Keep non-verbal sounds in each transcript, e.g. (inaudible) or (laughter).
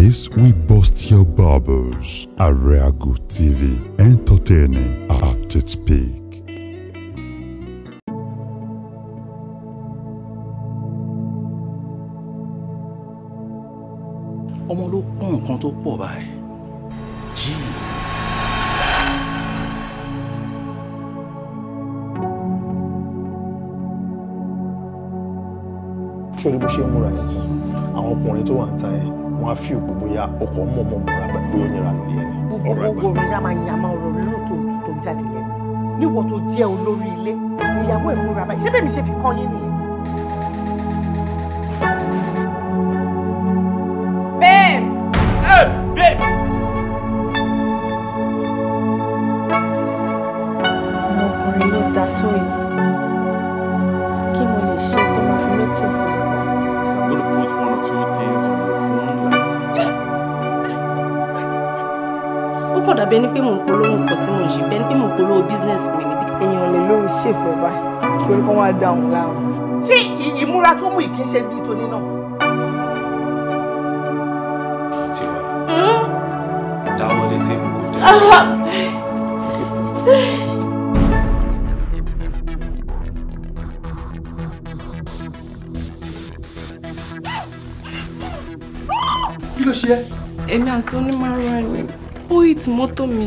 This we bust your bubbles. Ariago TV, entertaining at its peak. ọmọ ló kún nǹkan tó pọ̀ báyìí. ṣé o rí bó ṣe ń múra yẹn sí àwọn ọkùnrin tó wà ń ta yẹn máa fi òpó bóyá ọkọ̀ mọ̀ mọ̀ mọ̀ rábà bóyá ó nira nílé ẹni. gbogbo owó orin yamayama ọ̀rọ̀ rẹ̀ ló tó tó jáde lẹ́nu níwọ̀ tó jẹ́ olórí ilé ìyàwó ìmúra báyìí ṣé bẹ́ẹ̀ mi ṣe fi kọ́ yín nìyẹn. lọ báyìí kí orí kan wá dá òun láwọn. ṣé ìmúra tó mú ìkí ṣe bíi tóní náà. tiwa hmm? dáwọ́ lè tẹ gbogbo dé. kí ló ṣe é. èmi àti onímọ̀ ara ẹni ó hìtì mọ́tò mi.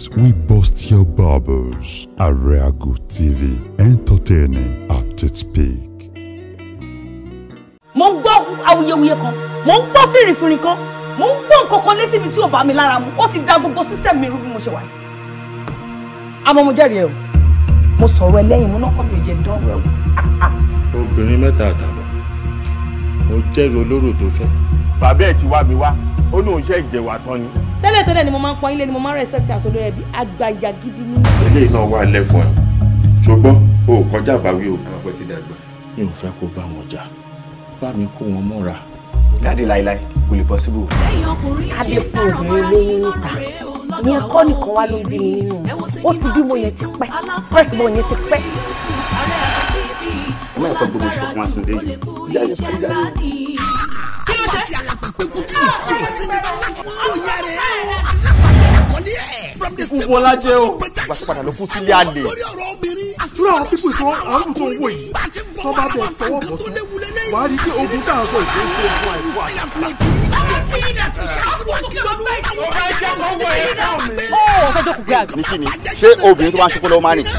Yes, we bust your bubbles. Areago TV, entertaining at its peak. Mo ń gbọ́ awuyewuye kan, mo ń gbọ́ fìrìfìrì kan, mo ń gbọ́ nǹkan kan létí mi tí ò bá mi lára mu. Ó ti da gbogbo system mi rú bí mo ṣe wà Àmọ́ mo jẹ́rìí ẹ o, mo sọ̀rọ̀ ẹlẹ́yìn, mo náà kọ́ mi ò jẹ́ dánwò ẹ o. Obìnrin mẹ́ta àtàbọ̀, mo jẹ́rìí olóró tó fẹ́. Bàbá ẹ̀ ti wá mi wá, ó lóun ṣe ìjẹ̀wà tán ni tẹ́lẹ̀ tẹ́lẹ̀ ni mo máa ń pọn ilé ni mo máa ń respect àtọ́lé ẹbí àgbàyà gidi ni. ilé iná wà lẹ́fun ṣùgbọ́n o ò kọjá àbáwí o. àwọn afọ ti dàgbà. mi ò fẹ́ kó bá wọn jà bá mi kó wọn mọ́ra. dáàdi láéláé kò lè possible. adé fún obìnrin olóyún níta ní ẹkọ nìkan wá ló bí mi nínú ó ti bímọ yẹn ti pẹ́ first born yẹn ti pẹ́. ọmọ ẹ̀kọ́ gbogbo ṣọ̀kan àsìndé ṣe ti alapapẹ kuti ìdíyẹ sinmi bá láti wọ́n rò yẹ rẹ̀ ẹ́ o alápapẹ àkọlé ẹ̀. from the state of the state of protection padà ló kú sílé àlè. lórí ọ̀rọ̀ obìnrin àfihàn àwọn pípò tó ọ̀rùn tó ń wò yìí tó bá bẹ̀ fọwọ́ bọ̀ tó wàá rí pé ogun tá a kọ ìfẹ́ ṣe fún àìfọ́ àti. ó sọ́jọ́ kù bí àgbẹ̀ kí ni ṣé obìnrin tó bá ń ṣe kó lọ́wọ́ máa nìkiri.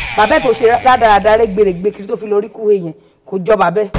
bàbá ẹ̀ tó ṣe rádaràda rẹ̀ gbèrègbè kiri tó fi lórí kú èèyàn kò jọ bàbá ẹ̀.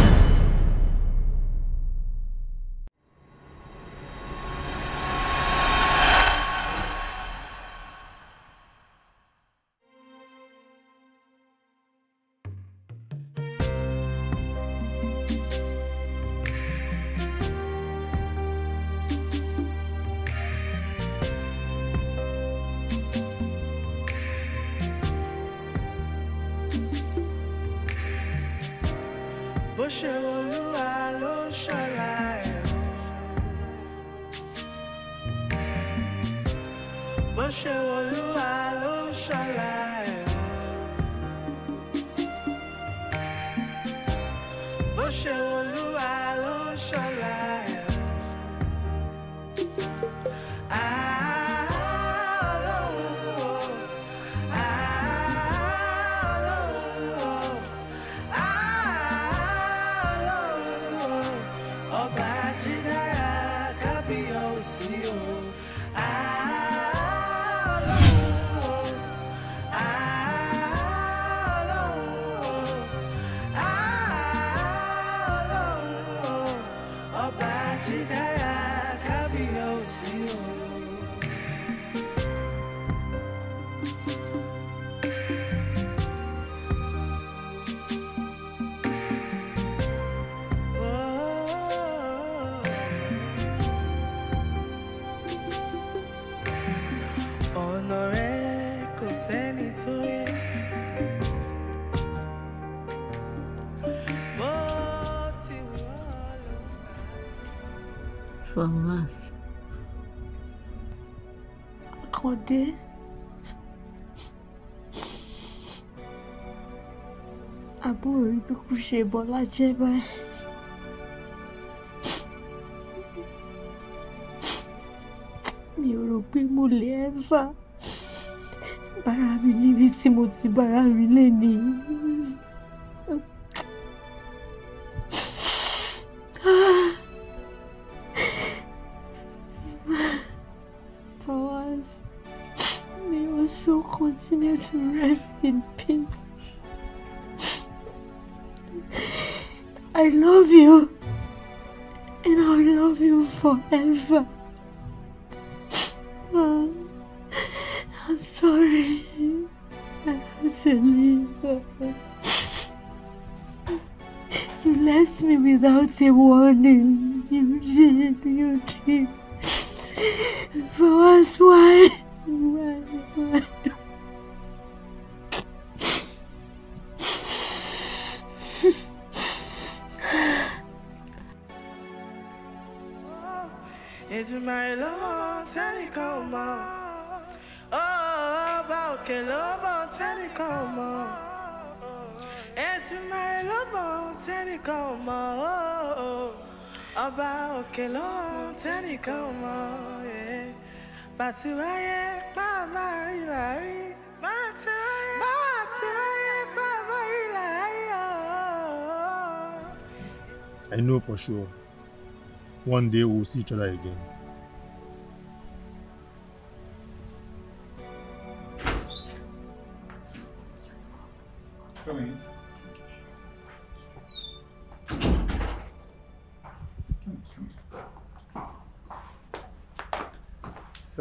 ọmọdé. àbúrò ìdúkú ṣe bọ́lá jẹ́ báyìí. mi ò rò pé mo lè ẹ́ fà bára mi níbi tí mo ti bára mi lé nìyí. continue to rest in peace. I love you, and I love you forever. Oh, I'm sorry. I have to leave. You left me without a warning. You did, you did. For us, why? Why? Why? tẹ́nìkan ò mọ̀ oh, ọba òkè lọ́hún tẹ́nìkan ò mọ̀ bàtí wáyé bá máa rí làárí bàtí wáyé bá a wáyé bá máa rí làárí ọ́. Oh. I know for sure one day we'll see each other again.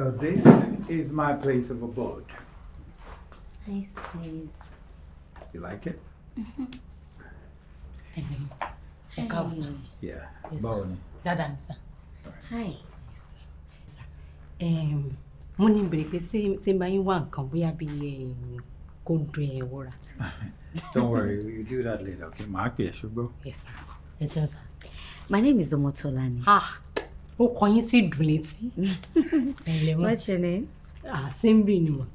So this is my place of abode. Nice place. You like it? Mm-hmm. Hey. Yeah. Yes, Bawoni. Dada nsa. Hi. Um, morning, ní bèrè pé ṣé ṣé máa ń wá nǹkan eh, ẹ̀ wọ́ra. (laughs) Don't worry, you do that later, okay? Màá pè é ṣùgbọ́n. Yes, sir. Yes, sir. My name is Omotolani. Ah. ó kọ yín sí dùn létí. (laughs) What's your name? Ah, Simbi ni mo.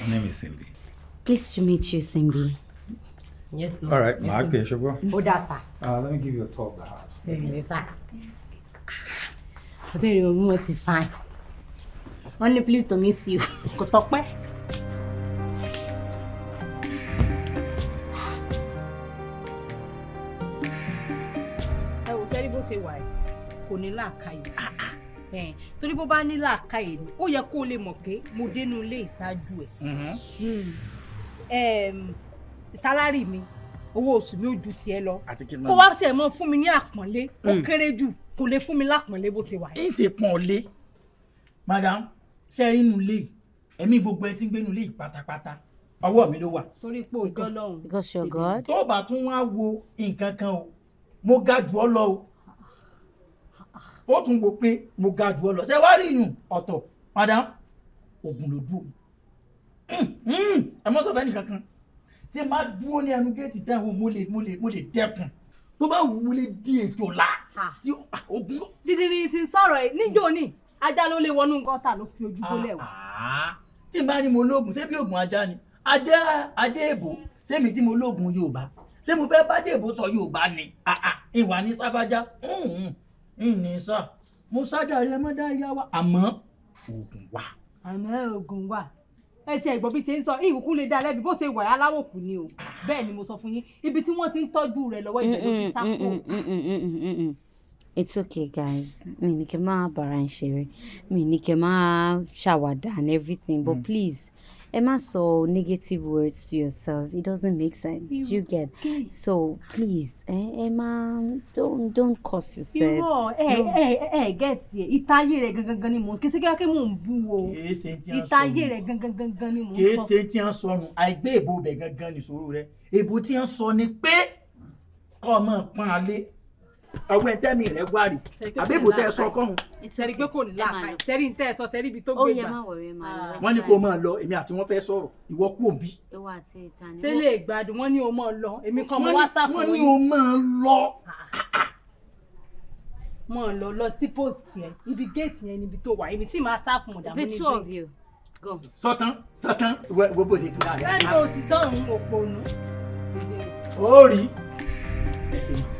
My name is Simbi. Pleased to meet you, Simbi. Yes, ma'am. All right, màá pè é ṣùgbọ́n. Ó dà sá. Uh, let me give you a talk, of the house. Bẹ́ẹ̀ni sá. Àbẹ̀rẹ̀ omi wọn ti fine. Wọ́n ní please to miss you. Kò tọ́pẹ́. ẹ wò sẹ́rí bó ṣe wà yìí kò ní làákàyè torí bó bá ní làákàyè ni ó yẹ kó o lè mọ̀ pé mo dénú ilé ìṣáájú ẹ̀ mm-hmm. hmm. sálárì mi owó oṣù mi ò ju tiẹ̀ lọ kó wá tiẹ̀ mọ́ fún mi ní àpọ́nlé ó hmm. kéré jù kò lè fún mi lápọ́nlé bó ti wà. ẹ ṣe pọ́nlé madam ṣe é nínú ilé ẹ̀mí gbogbo ẹ ti ń gbé nínú ilé pátápátá ọwọ́ mi ló wà. torí pé òjọ́ lọ́hùn. because tó o bá tún wá wo nǹkan kan o mo ga jù ọ lọ o ó tún wò pé mo ga jù ọ lọ ṣé wàá rí ìyún ọ̀tọ̀ madam oògùn ló dúró hmm, hmm, ẹ mọ́ sọ fẹ́ nìkan kan tí n bá dúró ní ẹnu géètì tẹ́ ò mo lè mo lè mo lè dẹ́kun tó bá wù ú lè di ètò la tí ah, oògùn. dídìrì ti ń sọ̀rọ̀ ẹ̀ níjó ni ajá ló lè wọnú gọ́tà ló fi ojú ah, bólẹ̀ wá. Ah. tí n bá ní mo lóògùn ṣé bí oògùn ajá ni ajá ajá èbó sẹ́mi tí mo lóògùn Yorùbá ṣé mo fẹ́ bá dèbò sọ Yorùbá ni ìwà ní sáfájá hmm, ìní sọ mo sájàre ẹ mọ́ dá wa àmọ́ oògùn wà. àmọ́ oògùn wà ẹ ti ẹ̀gbọ́n bí ti ń sọ ìkùkù lè dá lẹ́bi bó ṣe wà á láwò kù ni o bẹ́ẹ̀ ni mo sọ fún yín ibi tí wọ́n ti ń tọ́jú rẹ̀ lọ́wọ́ ìbẹ̀rù ti sá kù. Mm, mm, mm, It's okay guys mi ni kẹ́ máa bára ń ṣeré mi ni kẹ́ máa ṣàwàdà and everything but please Emma, má negative words to yourself it doesn't make sense you, you get so please ẹ ẹ don't don't curse yourself. irọ́ ẹ ẹ ẹ gẹ̀ẹ́tì ẹ̀ ìtayé rẹ̀ gan ni mò kese kya sẹ́kẹ́ kí mò ń bú o ìtayé rẹ̀ gangan gangan ni mò ń sọ. kì í ṣe tí wọ́n sọnù àìgbé èbó bẹ̀ gangan nìṣòro rẹ̀ èbó tí wọ́n sọ ni pé kọ́ ọ máa pọ́n ọwọ́ ẹ tẹ́mi rẹ̀ wárì àbẹ́bò tẹ́ ẹ sọ kọ́hún. sẹ́rí pé kò ní láàpá sẹ́rí ń tẹ́ ẹ sọ sẹ́rí ibi tó gbé gbà. Ah. wọ́n ní kó máa lọ èmi àti wọ́n fẹ́ sọ̀rọ̀ ìwọ kú òbí. ṣé lè gbádùn wọ́n ní o máa lọ èmi kan mo wá sá fún yín. wọ́n ní o máa lọ. mo lọ lọ sí post yẹn ibi géètì yẹn níbi tó wà ibi tí màá sá fún ọ̀dà mú níbi. sọtán sọtán wo bó ṣe fúnra rẹ. bẹ́ẹ̀ni o sì sọ òun òpó nù. ó rí ẹsẹ̀ yìí.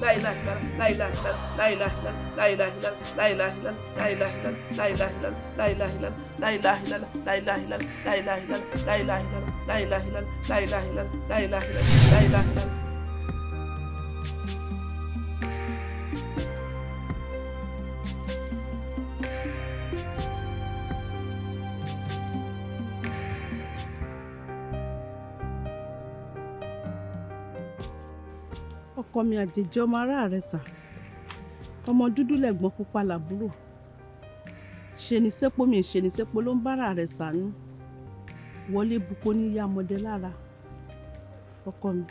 لا اله الا لا اله الا لا اله الا لا اله الا لا اله الا لا اله الا لا اله الا لا اله الا لا اله الا لا اله الا لا اله الا لا اله الا لا اله الا لا اله الا لا اله الا لا اله الا ọkọ mi àjèjì ọmọ ará rẹ sà ọmọ dúdú lẹ̀gbọ́n pupa làbúrò ṣe ni sẹ́pò mi ṣe ni sẹ́pò ló ń bára rẹ̀ sànú wọlé buko ní yá ọmọdé lára ọkọ mi.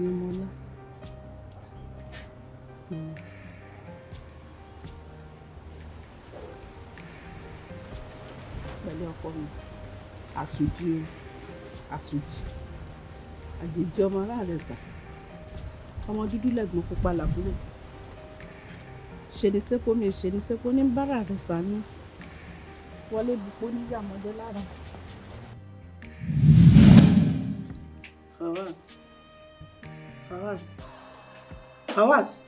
ní Mọ́lá. Hmm. pẹ̀lú ọkọ mi àsùnjì o àsùnjì àjèjì ọmọ aráàlẹ̀ sà ọmọ dúdú lẹ́gbọ̀n pupa làbúrò ṣèlè sẹ́kọ́ mi ṣèlè sẹ́kọ́ ní bára rẹ̀ sà ní wọlé bupó níyàmọ́dé lára. All right. Fawaz. Fawaz.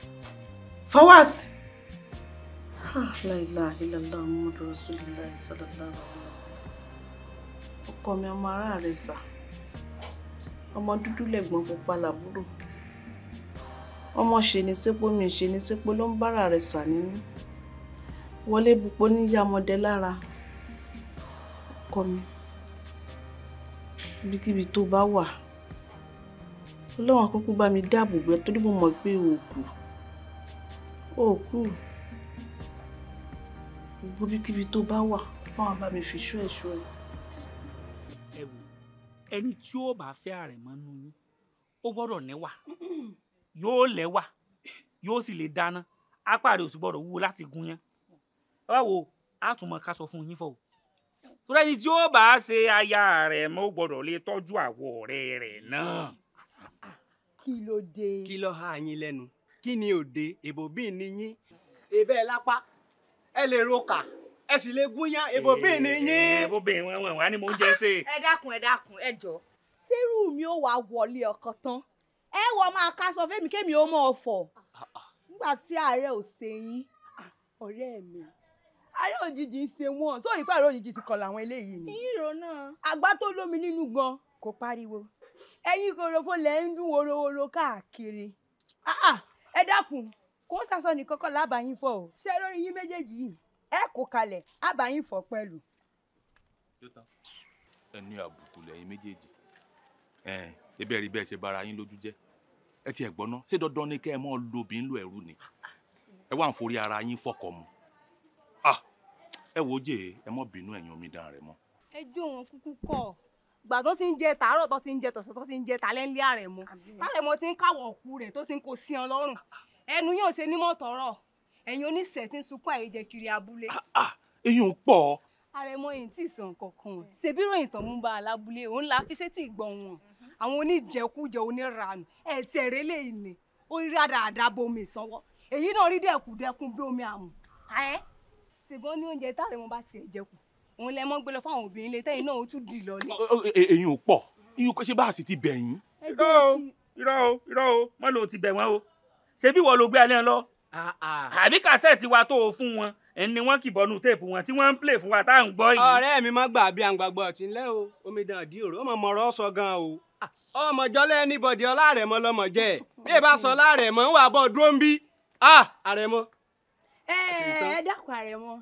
Fawaz. La ilaha illallah Muhammadu Rasulullah sallallahu alaihi wa sallam. Ọkọ mi ọmọ ará rẹ̀ sà. Ọmọ dúdú lẹ̀gbọ́n pupa làbúrò. Ọmọ ṣe ni sépo mi ṣe ni sépo ló ń bára rẹ̀ sà nínú. Wọlé bupó níyà ọmọdé lára. Ọkọ mi. Ibikíbi tó bá wà ọlọ́run àkókò bá mi dáàbò bẹ torí mo mọ̀ pé o kù o kù gbogbo bíkíbi tó bá wà fáwọn bá mi fi ṣú ẹ̀ṣọ́ ẹ̀. ẹ wò ẹni tí ó bá fẹ́ àrẹ̀mọ nú yín ó gbọ́dọ̀ lẹ́wà yóò lẹ́wà yóò sì lè dáná apá rẹ̀ ò sì gbọ́dọ̀ wúwo láti gún yán ẹ wá wo àtúmọ̀ ká sọ fún yín fọ́ o torí ẹni tí ó bá ṣe aya rẹ̀ mọ́ gbọ́dọ̀ lè tọ́jú àwọ̀ ọ̀rẹ́ rẹ̀ náà kí ló dé. kí ló há yín lẹ́nu kí ni òde èbòbí ni yín èbẹ́ ẹ lápá ẹ lè roka ẹ sì lè gúnyán èbòbí ni yín. èbòbí wọn wà ní mò ń jẹ ṣe. ẹ dákun ẹ dákun ẹ jọ. sẹ́rù mi ò wá wọlé ọkàn tán ẹ wọ máa ká sọ fẹ́mi kémi ó mọ̀ ọ̀fọ̀ nígbà tí ààrẹ ò ṣe yín ọ̀rẹ́ mi ààrẹ òjijì ń ṣe wọn sóyún pààrọ̀ òjijì ti kọ̀ làwọn eléyìí ni. ìrò náà àgbá tó lómi nínú gan kò pariwo ẹ̀yin korofo lẹ ń dún worowóró káàkiri ẹ dákun kò ń sàsọ nìkan kọ́ lábàáyín fọ o ṣé lórí yín méjèèjì yìí ẹ kò kalẹ̀ àbáyín fọ pẹ̀lú. ẹ ní àbùkù méjèèjì ebi ẹ̀rí bẹ́ẹ̀ ṣe bára yín lójú jẹ́ ẹ tiẹ̀ gbọ́ná ṣé dandan ni kẹ́ ẹ ni ẹ wá ń ara yín fọkọ mu ah, ẹ wo jẹ́ ẹ gbà tó ti ń jẹ tàárọ̀ tó ti ń jẹ tọ̀sán tó ti ń jẹ tàlẹ́ ńlẹ́ àrẹ̀mọ tàrẹ̀mọ ti ń káwọ̀ ọ̀kú rẹ̀ tó ti ń kó sí ọ lọ́rùn ẹnu yóò ṣe nímọ̀ tọ̀rọ̀ ẹ̀yin oníṣẹ́ ti ń sunkún àìjẹ kiri abúlé. Ah, ah, eyín ń pọ̀. àrẹ̀mọ yìí tí ì sàn kankan ṣèbí ròyìn tán mú bá alábúlé òun la fi sétí ìgbọ̀n wọn mm-hmm. àwọn oníjẹkújẹ oníranù ẹ̀ tiẹ̀ rélé òun lẹ mọ́ gbé lọ fáwọn obìnrin lè tẹ́yìn náà ó tún dì lọ ni. èyàn e, ò pọ̀ irú pé ṣé bá a sì ti bẹ̀ yín. irọ́ o irọ́ o irọ́ o mọ́ ló ti bẹ̀ wọ́n o ṣé bí wọ́n ló gbé alẹ́ lọ ah, ah. àbí kàṣẹ́ẹ̀tì wa tó o fún wọn ni wọ́n kì bọ́nú téèpù wọn tí wọ́n ń plè fún wa tá à ń gbọ́ yìí. ọ̀rẹ́ mi má gbà bí àǹgbàgbọ́ ọ̀tí ńlẹ́ o omidan àdí òró ọmọ mọ̀rọ̀ sọ gan o ah. ọmọ jọlẹ́ níbọ̀dì ọlárẹ̀mọ lọmọ jẹ́ bí ẹ bá sọ lárẹ̀mọ ń wà bọ̀ dúró ń bí àrẹ̀mọ. Eh, ẹ ẹ dákun àrẹ̀mọ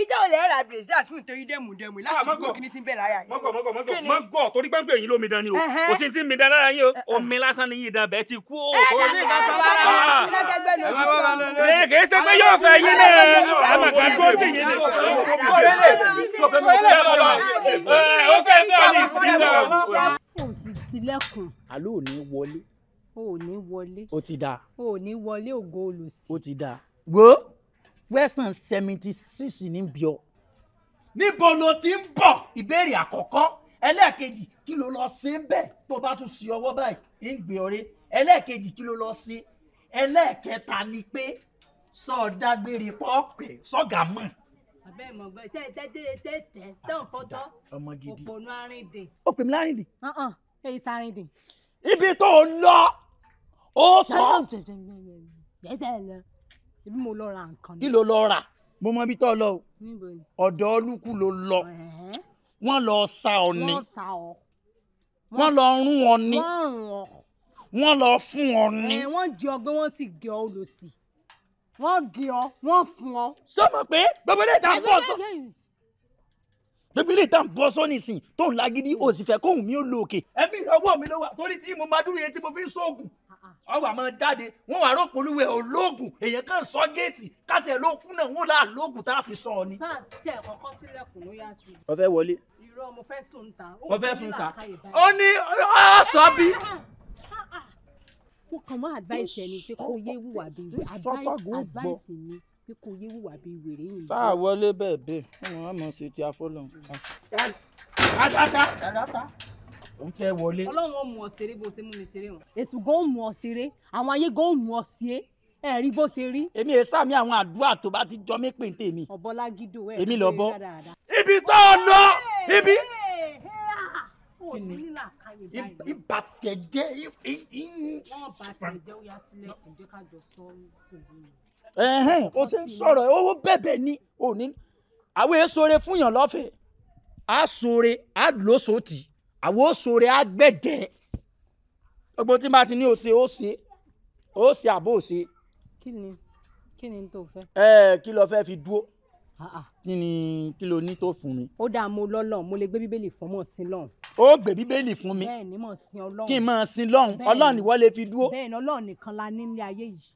ìjà olè ẹ̀rà bìrìsì àti nítorí dẹ̀mùdẹ̀mù láti gbọ́ kíní tí ń bẹ̀ láyà yìí. mọ́gọ̀ mọ́gọ̀ mọ́gọ̀ mọ́gọ̀ torí pẹ́ńpẹ́ yìí lómi dání o kò sí ti ń mi dán lára yín o omi lásán ni yìí dabẹ̀ ti kú o. ẹ kì í ṣe pé yóò fẹ́ yín náà ẹ mà ká gbó tì yín ni. ó fẹ́ fẹ́ ọ ní ìsinmi náà. o sì tilẹ̀kùn. àló ò ní wọlé. o ò ní wọlé. o ti da. o ò ní wọlé ògo olùsí. o ti da. wo western seventy six ní bíọ́. níbo ló ti ń bọ̀ ìbéèrè àkọ́kọ́ ẹlẹ́ẹ̀kejì kí ló lọ sí ń bẹ̀ tó bá tún sí ọwọ́ báyìí ń gbé ọ̀rẹ́ ẹlẹ́ẹ̀kejì kí ló lọ sí ẹlẹ́ẹ̀kẹta ni pé sọ dágbére pọ́ọ̀pẹ́ sọ́gà mọ̀. abẹ́ mọ̀ gbọ́ tẹ́ tẹ́ tẹ́ tẹ́ tẹ́ tẹ́ ò fọ́tọ́ òpònú arìndìn. ó pè mí lárìndìn. èyí sárìndìn. ibi tó ń lọ ó sọ ibi mo lọ ra nǹkan. kí ló lọ rà mo mọ ibi tó lọ o ọ̀dọ̀ olúkú ló lọ wọ́n lọ sa ọ ni wọ́n lọ rún ọ ni wọ́n lọ fún ọ ni. wọ́n jẹ ọ gbé wọ́n sì gé ọ olòṣì wọ́n gé ọ wọ́n fún ọ. sọmọ pé gbogbo ilé ìta ń sọ gbogbo ilé ìtàn bọ́ sọ́ni sìn tó ń lagidi ó sì kóhùn mi ó lo òkè. ẹ̀mí ìrọ̀wọ́ mi ló wà torí tí mo máa dúró yẹn tí mo fi ń sóògùn ọwọ́ àmọ́ jáde wọ́n wà rò polúwẹ̀ olóògùn èèyàn kan sọ géètì kátẹ́ ló kún náà wọ́n là lóògùn tá a fi sọ ọ ni. sáà tẹ kọkọ sílẹ̀kùn ló yá sí. ó fẹ́ wọlé. irọ́ mo fẹ́ sùn ta. mo fẹ́ sùn ta ó ní ọ bí kó kàn mọ́ advice ẹni pé kó yé wùwà bí wèrè advice ni pé kó yé wùwà bí wèrè yìí. tá a wọlé bẹ́ẹ̀ bẹ́ẹ̀ wọn á mọ̀ ṣe ti afọ́lọ́hún ó tẹ́ wọlé. ọlọ́run ó mú ọ ṣeré bó ṣe mú mi ṣeré wọn. èṣù gan ó mú ọ ṣeré àwọn ayé gan ó mú ọ ṣeré ẹ rí bó ṣe rí. èmi èé sàmì àwọn àdúrà tó bá ti jọ mí pè ń tèmi. ọ̀bọ̀lá gídò ẹ̀ èmi lọ bọ́. ibi tó ń lọ ibi. ibà tiẹ̀ jẹ́ ẹ̀hẹ́n o ṣe ń sọ̀rọ̀ owó bẹ̀bẹ̀ ni òní àwọn èso re fún yàn lọ́fẹ̀ẹ́ a sore a lóso tì í àwọn òṣòrè àgbẹ̀dẹ̀ gbogbo tí màá ti ní òṣè òṣè òṣè àbò òṣè. kí ni kí ni tó fẹ́. ẹ kí lo fẹ́ fi dúró ah, ah. kí ni kí lo ní tó fún mi. ó dáa mo lọ́lọ́run mo lè gbé bíbélì fún mọ̀ sí lọ́hùn. ó gbé bíbélì fún mi. bẹ́ẹ̀ ni mo sin ọlọ́run. kí n máa sin lọ́hùn ọlọ́run ìwọ lè fi dúró. bẹ́ẹ̀ ni ọlọ́run nìkan la ní ilé ayé yìí.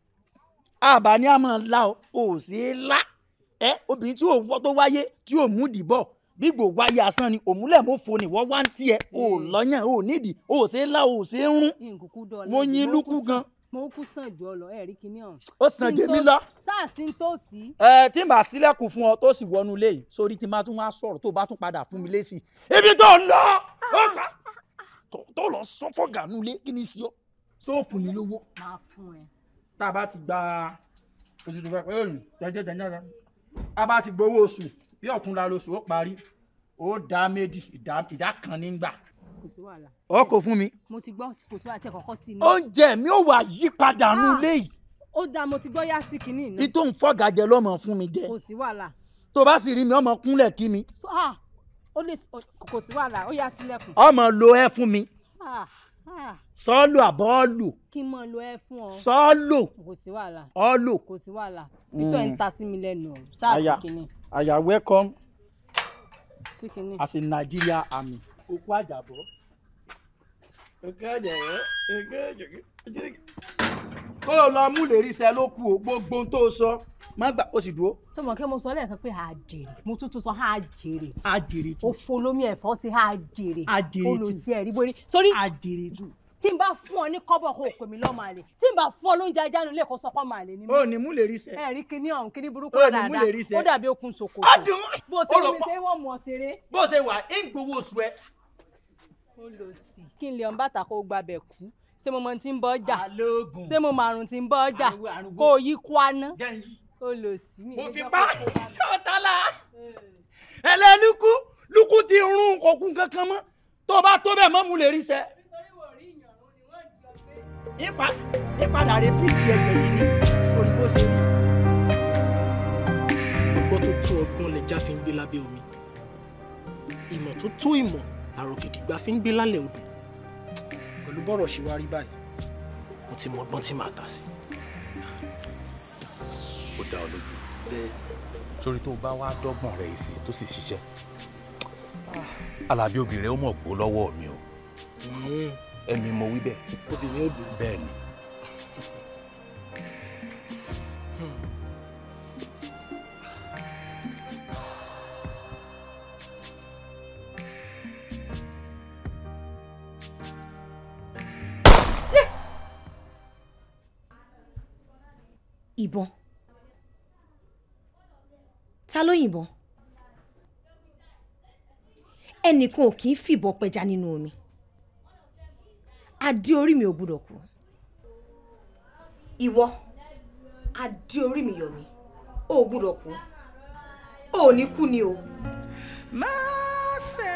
àbá ni a máa la o ò sí í la ẹ obìnrin tí ò wọ́ tó wáyé tí ò mú dìbọ̀ bí gbòògbà yẹ asán ni òmùlẹ̀ mo fò ní wọ́n wá ń tiẹ̀ o eh. lọ́yàn o nídìí o ṣe é la o ṣe é rún mo yin lukú gan. mo kú sàn jù ọ lọ ẹ rí kinní ọ̀hún. ó sàn jèmi lọ. sáàsì ń tó sí. ẹ tí n bá sílẹ̀kùn fún ọ tó sì wọnú ilé yìí sórí tí n bá tún wá sọ̀rọ̀ tó bá tún padà fún mi lésì. ibi tó ń lọ tó lọ sọ́fọ́ gànú lé kí ni sí ọ sóòfù mi lówó. tá a bá ti gba oṣù tó fẹ́ pẹ́ òyìn jẹjẹ jẹjẹ a bá ti gbowó oṣù bí ọ̀túnla lóṣù ó parí ó dá méjì ìdá kan nígbà kò sí wàhálà. ọ kò fún mi. mo ti gbọ́ kò sí wàhálà tí ẹ kọ́kọ́ sí ni. oúnjẹ mi ò wá yí padà nù ah, léyìí. ó dáa mo ti gbọ́ yá sí kinní inú. ìtò ń fọ́gà jẹ lọ́mọ fún mi jẹ. kò sí wàhálà. tó bá sì rí mi ọmọ kúnlẹ̀ kí mi. Ah, ó lè kò sí wàhálà ó yá sílẹ̀kùn. ọmọ lo ẹ fún mi. Ah, sọ́ọ̀lù àbọ̀ọ̀lù. kí n mọ lo ẹ fún ọ. sọ́ọ̀lù. kò sí wàhálà. ọ̀ọ̀lù. kò sí wàhálà. ìtọ́ ẹ̀ ń ta sí mi lẹ́nu ṣáà sí kinní. I am welcome as a Nigeria army. Okú àjàbọ̀. Okú àjàbọ̀. Okú àjàbọ̀. Kó o lọ mú lè o, gbogbo ohun tó o sọ má gbà ó sì dúró. tó mo sọ lẹ́ẹ̀kan pé àjèrè mo tún tún sọ àjèrè. àjèrè tù. òfò lómi ẹ̀fọ́ sí àjèrè. àjèrè tù olùsí ẹ̀rí borí. sórí tí n bá fún ọ ní kọ́bọ̀ kó pè mí lọ́mọ àlè tí n bá fún ọ lóúnjẹ ajá nílé kó sọ pọ́ màá lè o ní mú lè rí sẹ. ẹ rí kinní ọ̀hún kinní burúkú dáadáa ó dàbí okùn ṣòkòtò. ọdún bó ṣe wí ṣe wọ́n mọ̀ ṣeré. bó ṣe wà ń gbowó oṣù ẹ. ó lọ sí. kí n lè ọ̀n bàtà kó gbàbẹ̀ kú ṣé mo mọ ti ń bọ́ jà ṣé mo màrùn ti ń bọ́ jà kó o yí kwaná ìpadà rẹpíìtì ẹgbẹ́ yìí ni olùkó ṣe rí. ọgbọ́n tó tó ọgbọ́n lè já fi ń gbé lábẹ́ omi ìmọ̀ tó tó ìmọ̀ àròkìdìgbà fi ń gbé lálẹ́ odò pẹ̀lú bọ́rọ̀ ṣe wá rí báyìí mo ti mọ ọgbọ́n tí màá tà sí. ó dá ọ lójú. bẹ́ẹ̀ torí tó bá wá dọ́gbọ̀n rẹ̀ èsì tó sì ṣiṣẹ́ alábí obìnrin ó mọ̀ gbó lọ́wọ́ mi o. Mm-hmm èmi mo wí bẹ́ẹ̀. obìnrin ò dùn. bẹ́ẹ̀ ni. ìbọn ta ló yìnbọn ẹnìkan ò kì í fìbọn pẹja nínú omi. No adé orí mi ò gbúdọ̀ kú. ìwọ adé orí mi yọ̀ mí ò gbúdọ̀ kú ò ní kú ni o. má ṣe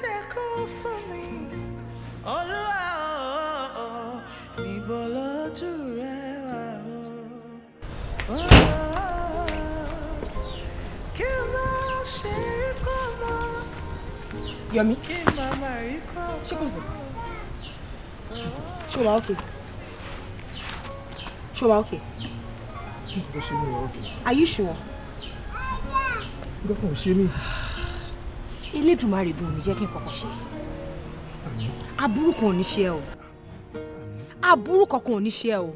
tẹkọ fún mi olúwa o níbo rẹ wà o. kí má ṣe rí kọ́ mọ́. yọ̀mí ṣé kò sí ṣé okay ṣé okay. are you sure. gbọ́dọ̀ ṣe mí. elédùnmarè gan ò ní jẹ́ kí n kọ̀kọ̀ ṣe. aburú kan ò ní ṣe ẹ́ o aburú kankan ò ní ṣe ẹ́ o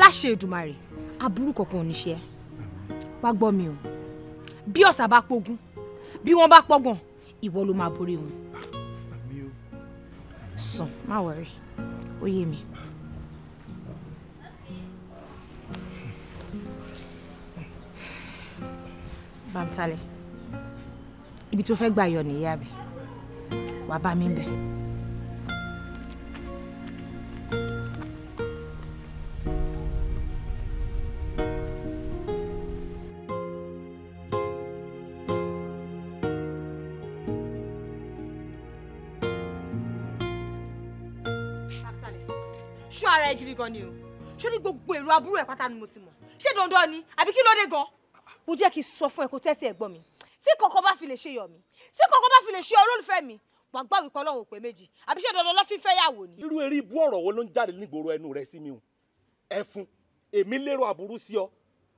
láṣẹ Èdùmàrè aburú kankan ò ní ṣe ẹ́ wá gbọ́ mi o bí ọ̀tá bá pogún bí wọ́n bá pọ́gàn ìwọ ló máa borí wọn. So, má worry. ó yé mi. Bámtalẹ̀ ibi tó fẹ́ gbà yọ nìyá mi wàá bá mi bẹ̀. gan ni o ṣé ní gbogbo èrò aburú ẹ̀ pátá ni mo ti mọ̀ ṣé dandan ni àbí kí ló dé gan. mo jẹ́ kí n sọ fún ẹ kó tẹ́tí ẹ̀ gbọ́ mi tí kọ̀ọ̀kan bá fi lè ṣe yọ̀ mi tí kọ̀ọ̀kan bá fi lè ṣe olólùfẹ́ mi wàá gbà wípé ọlọ́run ò pé méjì àbí ṣé dandan lọ́fíì fẹ́ yàwó ni. irú eré ibú ọ̀rọ̀ wo ló ń jáde nígboro ẹnu rẹ sí mi o ẹfun èmi lérò aburú sí ọ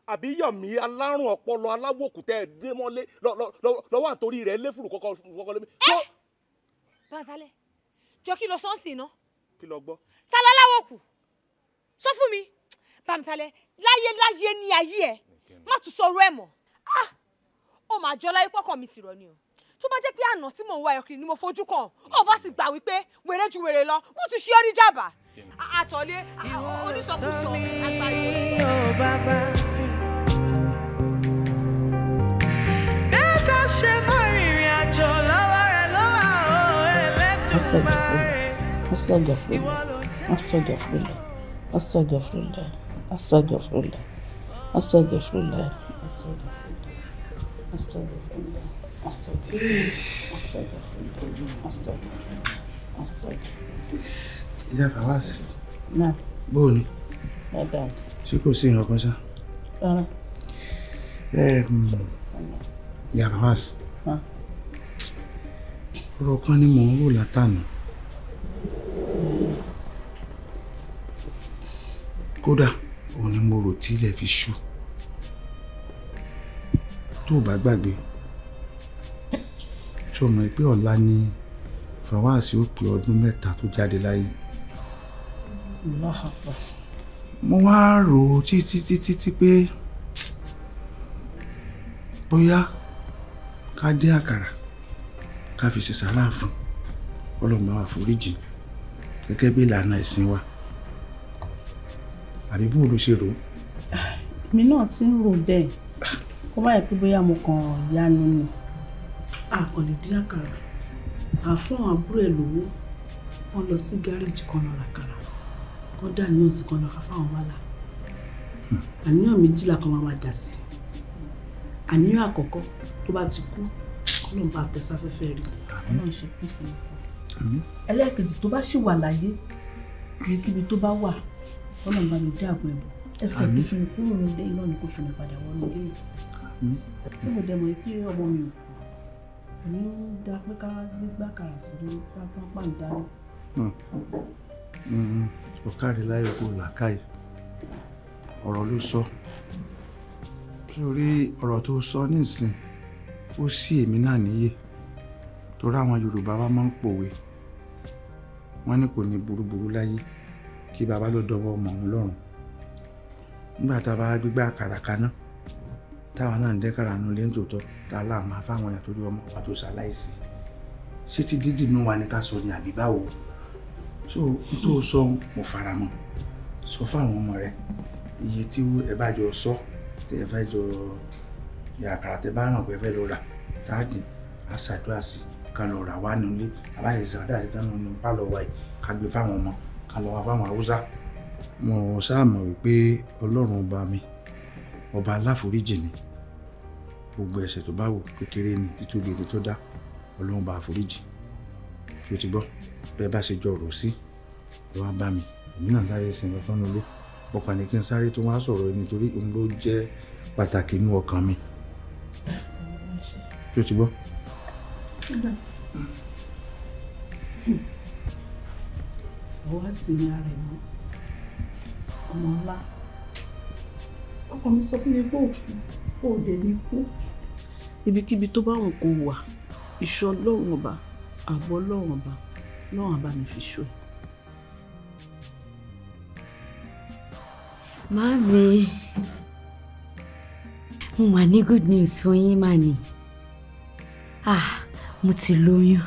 àbí yọ̀mí alárùn ọpọlọ aláwòkútẹ́ ẹ̀ dé mọ́lé lọ́wọ́ àtòrí rẹ̀ léfùrù kọ́kọ́ lómi. ẹ eh! bàtàlẹ jọ kí lọ sọ́ọ̀sì iná. kí lọ gbọ́. ta láláwọ̀ kù sọ fún mi bàmítalẹ láyéláyé ní ayé ẹ má tún sọ̀rọ̀ ẹ mọ́ ah ó máa jọ láyé pọkàn mi sì rọ ni o tó bá jẹ́ pé àná tí mò ń wá ẹ̀kìn ni mo fojú kàn ó bá sì gbà wípé wèrè ju wèrè lọ wọ́n tún ṣe ọ́ ní jàbá àtọ̀lé onísọkúsọ àgbáyé. bẹ́ẹ̀ ṣe mọ ìrìn àjò lọ́wọ́ rẹ̀ ló wà ó ẹlẹ́dùn máa rẹ̀. wọ́n sọ̀gọ̀ fún mi wọ́n sọ̀gọ̀ fún mi wọ́n sọ̀gọ̀ fún mi. Astagfirullah. Astagfirullah. Astagfirullah. Astagfirullah. Astagfirullah. Astagfirullah. Astagfirullah. Astagfirullah. Astagfirullah. Ìyá Fawaz. Náà. Bó ni? Dáadáa. Ṣé kò sí ìrànkan sá? Rárá. Ìyá Fawaz. Ọ̀rọ̀ kan ni mò ń rò látànà kódà òun ni mo rò tí ilẹ̀ fi ṣú tó bá gbàgbé ṣó mọ̀ pé ọ̀la ni fàwáàsì ó pé ọdún mẹ́ta tó jáde láyé. mo wá rò ó títí títí tí pé bóyá ká dé àkàrà ká fi ṣe sàárà fún ọlọ́run bá wa foríjì gẹ́gẹ́ bí ìlànà ẹ̀sìn wa àbí bó ló ṣe rò ó. èmi náà ti ń rò bẹ́ẹ̀ kó má yẹ pé bóyá mo kàn yanu ni. àkànlè dín àkàrà àfún àbúrò ẹ̀ lówó wọ́n lọ sí gáréèjì kan lọ ràkàrà wọ́n dà ní òsì kan lọ fà fáwọn mọ́lá àníyàn méjìlá kan máa dà sí àníyàn àkọ́kọ́ tó bá ti kú kọ́lọ́n bá tẹ̀sáfẹ́fẹ́ rí náà ṣe pèsè ìfọ̀ ẹlẹ́ẹ̀kejì tó bá ṣì wà láyé ibikíbi tó bá wà ọlọ́run bá mi dáàbò ẹ̀bù ẹsẹ̀ tó fi kúrò nílé iná ni kò fi lè padà wọnú ilé yìí tí mo dẹ̀ mọ̀ pé ọmọ mi ò kú ní dá pé ká gbégbá kàrà sí lórí pátán pàǹdánù. ọ̀kárí hmm. hmm. láyé kò làákàyè ọ̀rọ̀ ló sọ sórí ọ̀rọ̀ tó sọ nísìn ó sì èmi náà níyè torí àwọn Yorùbá wa máa ń pòwe wọ́n ní kò ní burúburú láyé. kí baba ló dọwọ́ ọmọ ọ́n lọ́rùn nígbà tá a bá gbígbà àkàrà kaná táwa náà ń dẹ́kàrà nu lé nítòótọ́ tá a láàmú afáwọn èèyàn tó ọmọ tó ṣaláìsí ti dídì wa ká sọ so n tó sọ mo fara sọ fáwọn ọmọ rẹ iye tí ẹ bá jọ sọ tẹ ẹ jọ tẹ bá ràn pé ẹ lọ rà ní ká lọ wá fáwọn haúsá mo ṣáà mọ̀ wípé ọlọ́run ọba mi ọba aláforíjì ni gbogbo ẹ̀ṣẹ̀ tó bá wò kékeré ni títóbi èdè tó dá ọlọ́run bá àforíjì tí o ti gbọ́ bẹ́ẹ̀ bá ṣe jọ ọ̀rọ̀ sí ẹ wá bá mi èmi náà sáré sin ẹ̀fọ́n mi lé ọkàn ní kí n sáré tó wá sọ̀rọ̀ ẹ nítorí òun ló jẹ́ pàtàkì inú ọkàn mi tí o ti gbọ́. Hmm wá sí ní ara ẹ̀ mọ́ ọmọ ńlá ọkọ mi sọ fún mi pé ò dé ní kú. ibikíbi tó bá wọn kò wà ìṣọ́ lọ́rùn ọba àbọ̀ lọ́rùn ọba lọ́rùn ọba mi fi ṣọ́ ẹ̀. Mami, mo mà ní good news fún yín mà Ah, mo ti lóyún.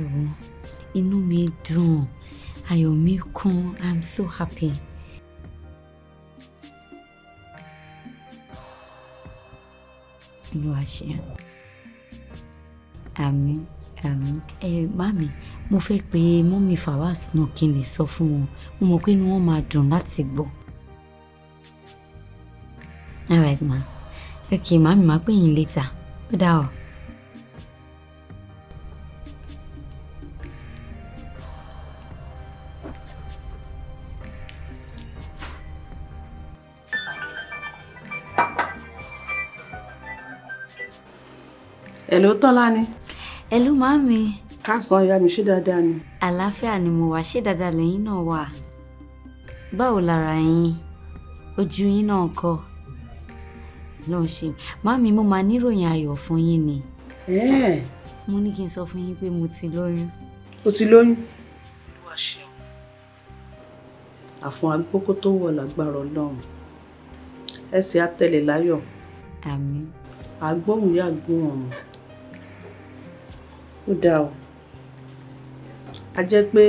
ẹ̀wọ̀n inú mi dùn ayọ̀ mi kún i'm so happy. olúwa ṣe àmín àmín. ẹ mami mo fẹ́ pe mọ́mí fawaz náà kí n lè sọ fún wọn mo mọ̀ pé inú wọn máa dùn láti gbọ́. all right ma okay mami máa pè yín later ó dà Hello Tọ́lání. Hello màmí. Káàsán ìyá mi ṣé dáadáa ni. Àlàáfíà ni mo wà ṣé dáadáa lẹ́yìn náà wà. Báwo lára yín? Ojú yín náà kọ́. Lọ́n ṣe màmí mo máa níròyìn ayọ̀ fún yín ni. Mo ní kí n sọ fún yín pé mo ti lóyún. O ti lóyún? Olúwa ṣeun. Àfọ̀n àgbókó tó wọ̀ lágbára Ọlọ́run. Ẹsẹ̀ á tẹ̀lé láyọ̀. Àmín. Àgbóhùn yá gbóhùn ọ̀run ó dáa o a jẹ́ pé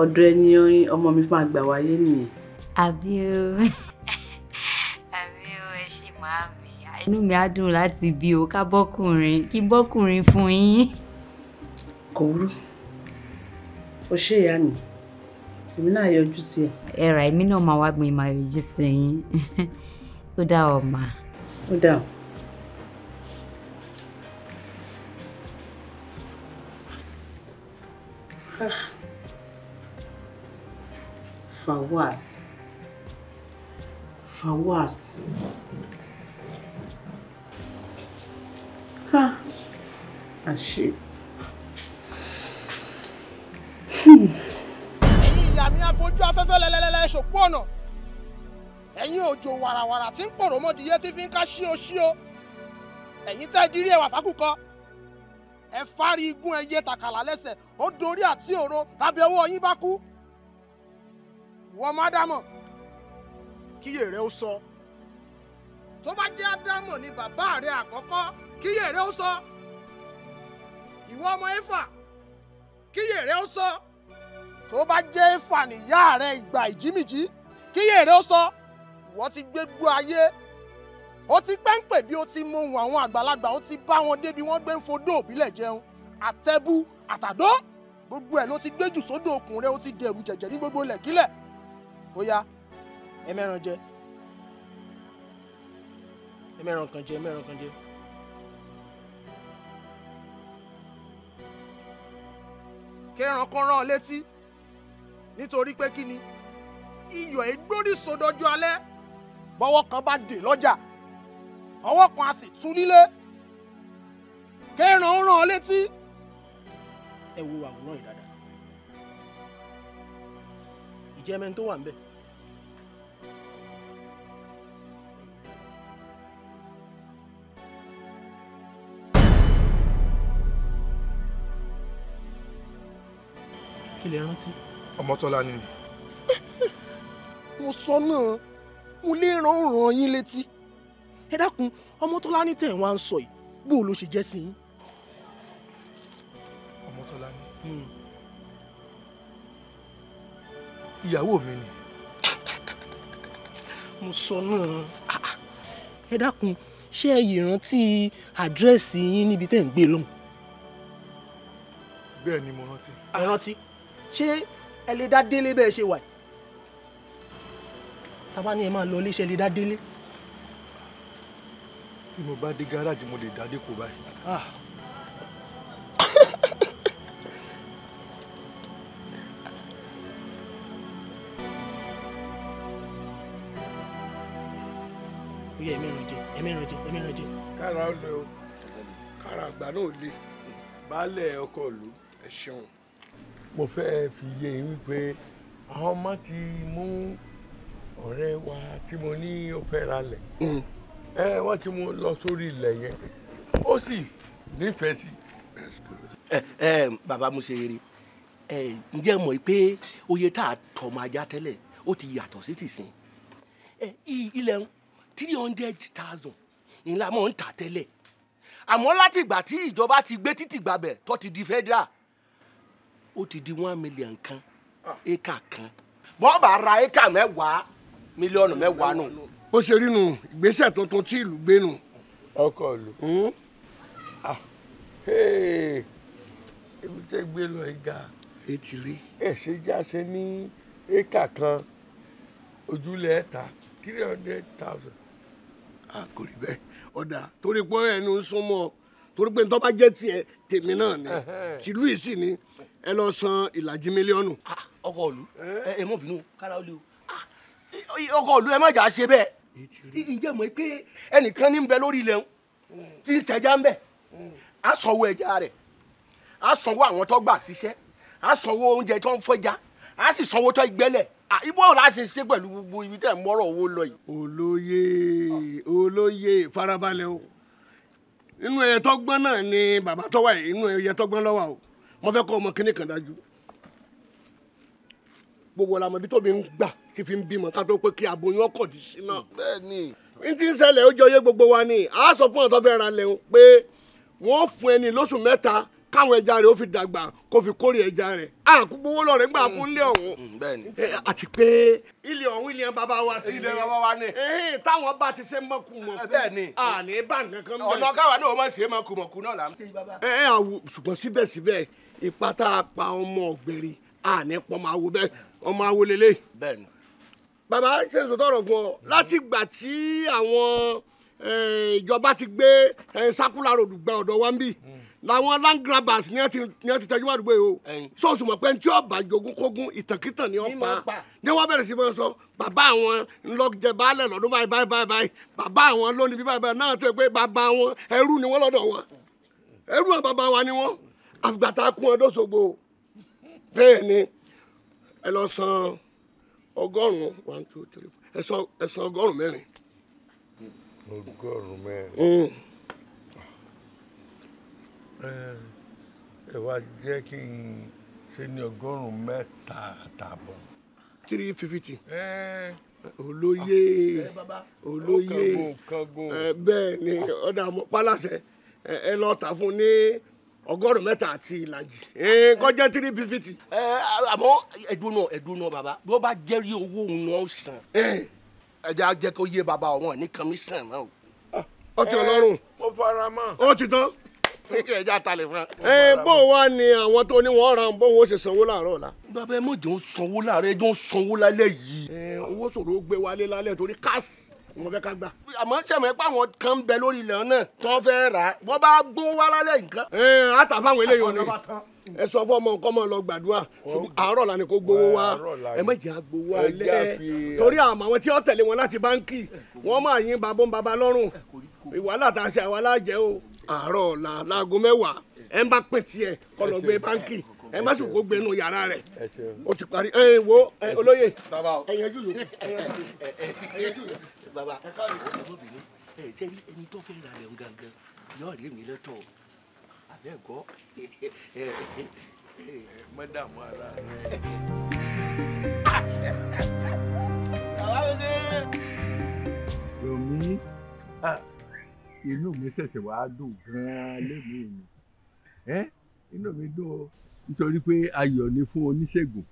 ọ̀dọ̀ ẹni orin ọmọ mi máa gbà wáyé nìyẹn. àbí o (laughs) àbí o ẹ ṣì máa mi inú mi á dùn láti bí o ká bọ́kùnrin kí bọ́kùnrin fún yín. kò wúrú o ṣe ìyá mi èmi náà yọjú sí ẹ. ẹ ra èmi náà máa wá gbin ìmọ̀ àyọjú sí yín (laughs) ó dá ọ mà. ó dá ọ. Fawaz Fawaz ha àṣe. ẹ̀yin ìyá mi afojú afẹ́fẹ́ lẹ́lẹ́lẹ́lẹ́ ṣòpó ọ̀nà ẹ̀yin òjò wàràwàrà tí ń pòròmọ́dìyẹ tí fi ń ká ṣíoṣío ẹ̀yin tẹ́ dirí ẹwà fákùkọ ẹ fárí igún ẹyẹ tàkàlà lẹ́sẹ̀ ó dorí àti òro tàbí ọwọ́ yín bá kú ìwọ má dámọ̀ kíyè rẹ ó sọ tó bá jẹ́ ádámọ̀ ni bàbá rẹ àkọ́kọ́ kíyè rẹ ó sọ ìwọ ọmọ éfà kíyè rẹ ó sọ tó bá jẹ́ éfà nìyá rẹ ìgbà ìjímìjí kíyè rẹ ó sọ ìwọ ti gbégbó ayé ó ti pẹ́ńpẹ́ bí ó ti mọ ohun àwọn àgbàlagbà ó ti bá wọn débi wọ́n gbé ń fodó òbílẹ̀ jẹun àtẹ́bú àtàdó gbogbo ẹ̀ ló ti gbé jù sódò òkun rẹ̀ ó ti dẹ̀rù jẹ̀jẹ̀ ní gbogbo lẹ̀kílẹ̀ ó yá ẹ mẹ́ran jẹ ẹ mẹ́ran kan jẹ ẹ kan jẹ. kẹ́ran kan rán ọ létí nítorí pé kí ni iyọ̀ ègbórí sódọ́jú alẹ́ bọ́wọ́ kan bá dè lọ́jà. Ja ọwọ́ kan a sì tú nílé kẹ́ran ó ràn án létí ẹ wo àwòrán yìí dáadáa ìjẹ́ mẹ́ni tó wà ń bẹ̀. kí lè rántí. ọmọtọ́lá ni. (laughs) mo sọ náà mo lè ràn ó yín létí ẹ dákun ọmọtọ́lání tẹ̀ wá ń sọ yìí bó o ló ṣe jẹ́ sí i. ọmọtọ́lání hmm. ìyàwó mi ni. mo sọ náà ah, ẹ dákun ṣé ẹ yìí rántí àdírẹ́sì yín níbi tẹ́ ń gbé lóhùn. bẹ́ẹ̀ ni mo rántí. ẹ rántí ṣé ẹ lè dá délé bẹ́ẹ̀ ṣe wà yìí. tá ní ẹ máa lọ ilé lè dá délé tí mo bá dé gáràjì mo lè dádé kó báyìí. Ah. ó yẹ ẹmẹ́ran jẹ ẹmẹ́ran jẹ ẹmẹ́ran jẹ. kára ó lè o kára àgbà náà lè baálẹ̀ ọkọ ìlú ẹ ṣeun. mo fẹ́ fi yé yín wípé àwọn ọmọ ti mú ọ̀rẹ́ wa tí mo ní ó fẹ́ ralẹ̀. Hmm ẹ wọ́n ti mú lọ sórí ilẹ̀ yẹn ó sì nífẹ̀ẹ́ sí. ẹ ẹ bàbá mo ṣe eré ẹ ǹjẹ́ mọ̀ pé oyè tá a tọ̀ máa já tẹ́lẹ̀ ó ti yàtọ̀ sí tìsín ẹ ilẹ̀ three hundred thousand ìlà mọ̀ ń tà tẹ́lẹ̀ àmọ́ láti ìgbà tí ìjọba ti gbé títì gbàbẹ̀ tó ti di federal ó ti di one million kan ah. éka kan bọ́ọ̀bà ra éka mẹ́wàá mílíọ̀nù mẹ́wàá nù. No bó ṣe rí nu ìgbésẹ̀ tuntun tí ìlú gbé nu. ọkọ ìlú hmm? ah, ibi tẹ́ gbé lọ ìga ètìrí ẹ ṣe jáṣe ní éka kan ojúlẹ̀ ẹ̀ta three hundred thousand. a kò rí bẹ́ẹ̀ ọ̀dà torí pé ẹnu ń súnmọ́ torí pé ntọ́ bá jẹ́ tiẹ̀ tèmi náà ni tìlú yìí sì ni ẹ lọ san ìlàjì mílíọ̀nù. Ah, ọkọ ìlú ẹ mọ̀ bínú kára ó lé o ah, ọkọ ìlú ẹ má jà ṣe bẹ́ẹ̀ ǹjẹ́ mọ̀ pé ẹnìkan ní ń bẹ lórí ilẹ̀ ń tí ń ṣẹja ń bẹ̀ á sanwó ẹja rẹ̀ á sanwó àwọn tó gbà síṣẹ́ á sanwó oúnjẹ tó ń fọjá á sì sanwó tó gbẹ́lẹ̀ ibo ọ̀rọ̀ á ṣe pẹ̀lú gbogbo ibi tẹ̀ mọ́rọ̀ owó lọ yìí. olóye olóye farabalẹ̀ o inú ẹyẹ tó gbọ́n náà ni bàbá tó wà yìí inú ẹyẹ tó gbọ́n lọ́wọ́ o mo fẹ́ kọ́ ọmọ kíní kan dájú gbogbo ọ̀làmọ̀bí tóbi ń gbà ti fi ń bímọ ká tó pé kí aboyún ọkọ̀ dì sí náà. bẹ́ẹ̀ni. n ti ń ṣẹlẹ̀ ó jẹ́ oyé gbogbo wa ni a sọ fún ọ̀tọ́ fẹ́ ra lẹ́hún pé wọ́n fún ẹni lóṣù mẹ́ta káwọn ẹja rẹ̀ ó fi dàgbà kó fi kórè ẹja rẹ̀ àkúgbówó lọ́rẹ̀ gbà fún ilé mm, ọ̀hún. Mm, àti pé ilé ọ̀hún ilé bàbá wa sí ilé bàbá wa ni. táwọn bá ti ṣe mọ̀kùmọ̀kù àní bá nǹkan kan bẹ̀. ọ̀nà káwa náà máa ṣe mọ̀kùmọ̀kù náà là ń ṣe bàbá. ṣùgbọ́n síbẹ̀síbẹ̀ ìpátá pa ọmọ ọ̀gbẹ̀rì àní pọ̀ máa wo bẹ́ẹ̀ ọmọ awolele. bẹ́ẹ̀ bàbá ṣe sọ tọrọ fún ọ láti ìgbà tí àwọn ìjọba ti gbé sakura road gba ọ̀dọ̀ wa ń bì làwọn land grabbers ni wọ́n ti tẹjú àdúgbò yìí o ṣọ́ọ̀ṣì mọ̀ pé tí ọba jogún kógún ìtànkìtàn ni wọ́n pa ni wọ́n bẹ̀rẹ̀ sí máa sọ bàbá àwọn ńlọjẹ baálẹ̀ lọ́dún báyìí báyìí báyìí báyìí bàbá àwọn lónìí bí báyìí báyìí náà tó yẹ pé bàbá wọn ẹrú ni wọ́n lọ́dọ̀ wọn ẹrú wọn bàbá wa ni wọ́n àfìgbà tá a kún ọdọ́ sogbo bẹ́ẹ̀ ni ẹ lọ san ọgọ́rùn-ún one two three four ẹ̀sán ẹ̀sán ọgọ́rùn-ún mẹ́rin. ọgọ́rùn-ún mẹ́rin. Mm. ẹ wá jẹ́ kí n ṣe ní ọgọ́rùn-ún mẹ́ta àtààbọ̀. three fifty. olóyè ah, olóyè bẹ́ẹ̀ ni ọ̀dà àmọ́ pálásẹ̀ ẹ lọ́ọ́ tà fún ní ọgọ́rùn mẹ́ta àti ìlàjì kọjá three fifty. ẹ àmọ́ ẹdùnú ẹdùnú bàbá bí wọ́n bá jẹ́rìí owó òun náà sàn ẹjẹ ajẹ kó yé bàbá wọn ní kọmíṣán náà o. ọtí ah, Ọlọ́run mo fara mọ́. ó ti tán. ẹjẹ àtàlẹ fún wa. ẹ bó wá ni àwọn tó ní wọn ra bó wọn ṣe sanwó láàárọ̀ ọ̀la. bàbá ẹ mọ̀ jẹun sanwó láàárọ̀ ẹ jọ sanwó lálẹ́ yìí. ẹ owó ṣòro gbé wálé lálẹ́ torí káàsì wọn fẹ́ ká gbà. àmọ́ sẹ̀mẹ́ pa àwọn kan ń bẹ lórí ilẹ̀ náà tó fẹ́ rà á wọ́n bá gbó wá lálẹ́ nǹkan. ẹ ẹ ata fáwọn eléyìí wọn ẹ sọ fún ọmọ nǹkan mọ lọ gbàdúrà àárọ̀ la ni gbowó wa ẹ má jẹ́ agbowó alẹ́ torí àmọ́ àwọn tí wọ́n tẹ̀lé wọn láti báńkì wọ́n máa yín babó ń baba lọ́rùn ìwàhálà tá àwa láàjẹ́ o àárọ̀ la mẹ́wàá ẹ ń bá pè tiẹ̀ kọ́ lọ gbé báńkì ẹ má sùn kó gbé inú yàrá rẹ o ti parí ẹ wo olóyè ẹyẹjú yòókù ẹyẹjú yòókù bàbá ẹ káàbọ̀ ẹ sẹ́ni ẹni tó fẹ́ ra lẹ́hún gangan yóò rí mi lọ́tọ̀ abẹ́ gbọ́ ẹ mọ́dàmú ara rẹ. yomi inú mi ṣẹ̀ṣẹ̀ wá dùn gan-an lẹ́mìí mi inú mi dùn o nítorí pé ayọ̀ ni fún oníṣègùn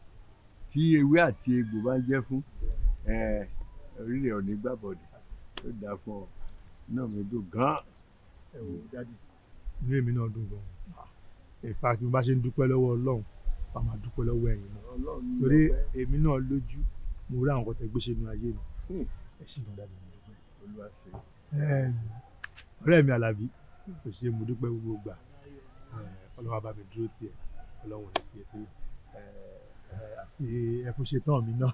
tí ewé àti egbò bá ń jẹ́ fún orílẹ̀ òní gbàbọ̀dẹ̀ tó dáa fún ọ náà mi dùn gan-an. ẹ wò dájú inú èmi náà dùn gan-an ìfà tí mo bá ṣe ń dúpẹ́ lọ́wọ́ ọlọ́run a máa dúpẹ́ lọ́wọ́ ẹ̀yin náà torí èmi náà lójú mo rí àwọn nǹkan tẹ́ gbé ṣe nu ayé mi hmm. ẹ ṣì ń dájú mo dúpẹ́. ọ̀rẹ́ mi alábí kò ṣe mo dúpẹ́ gbogbo gbà ọlọ́run bá mi dúró tiẹ̀. Ọlọ́run ní fi sí àti ẹkúnṣe tán mi náà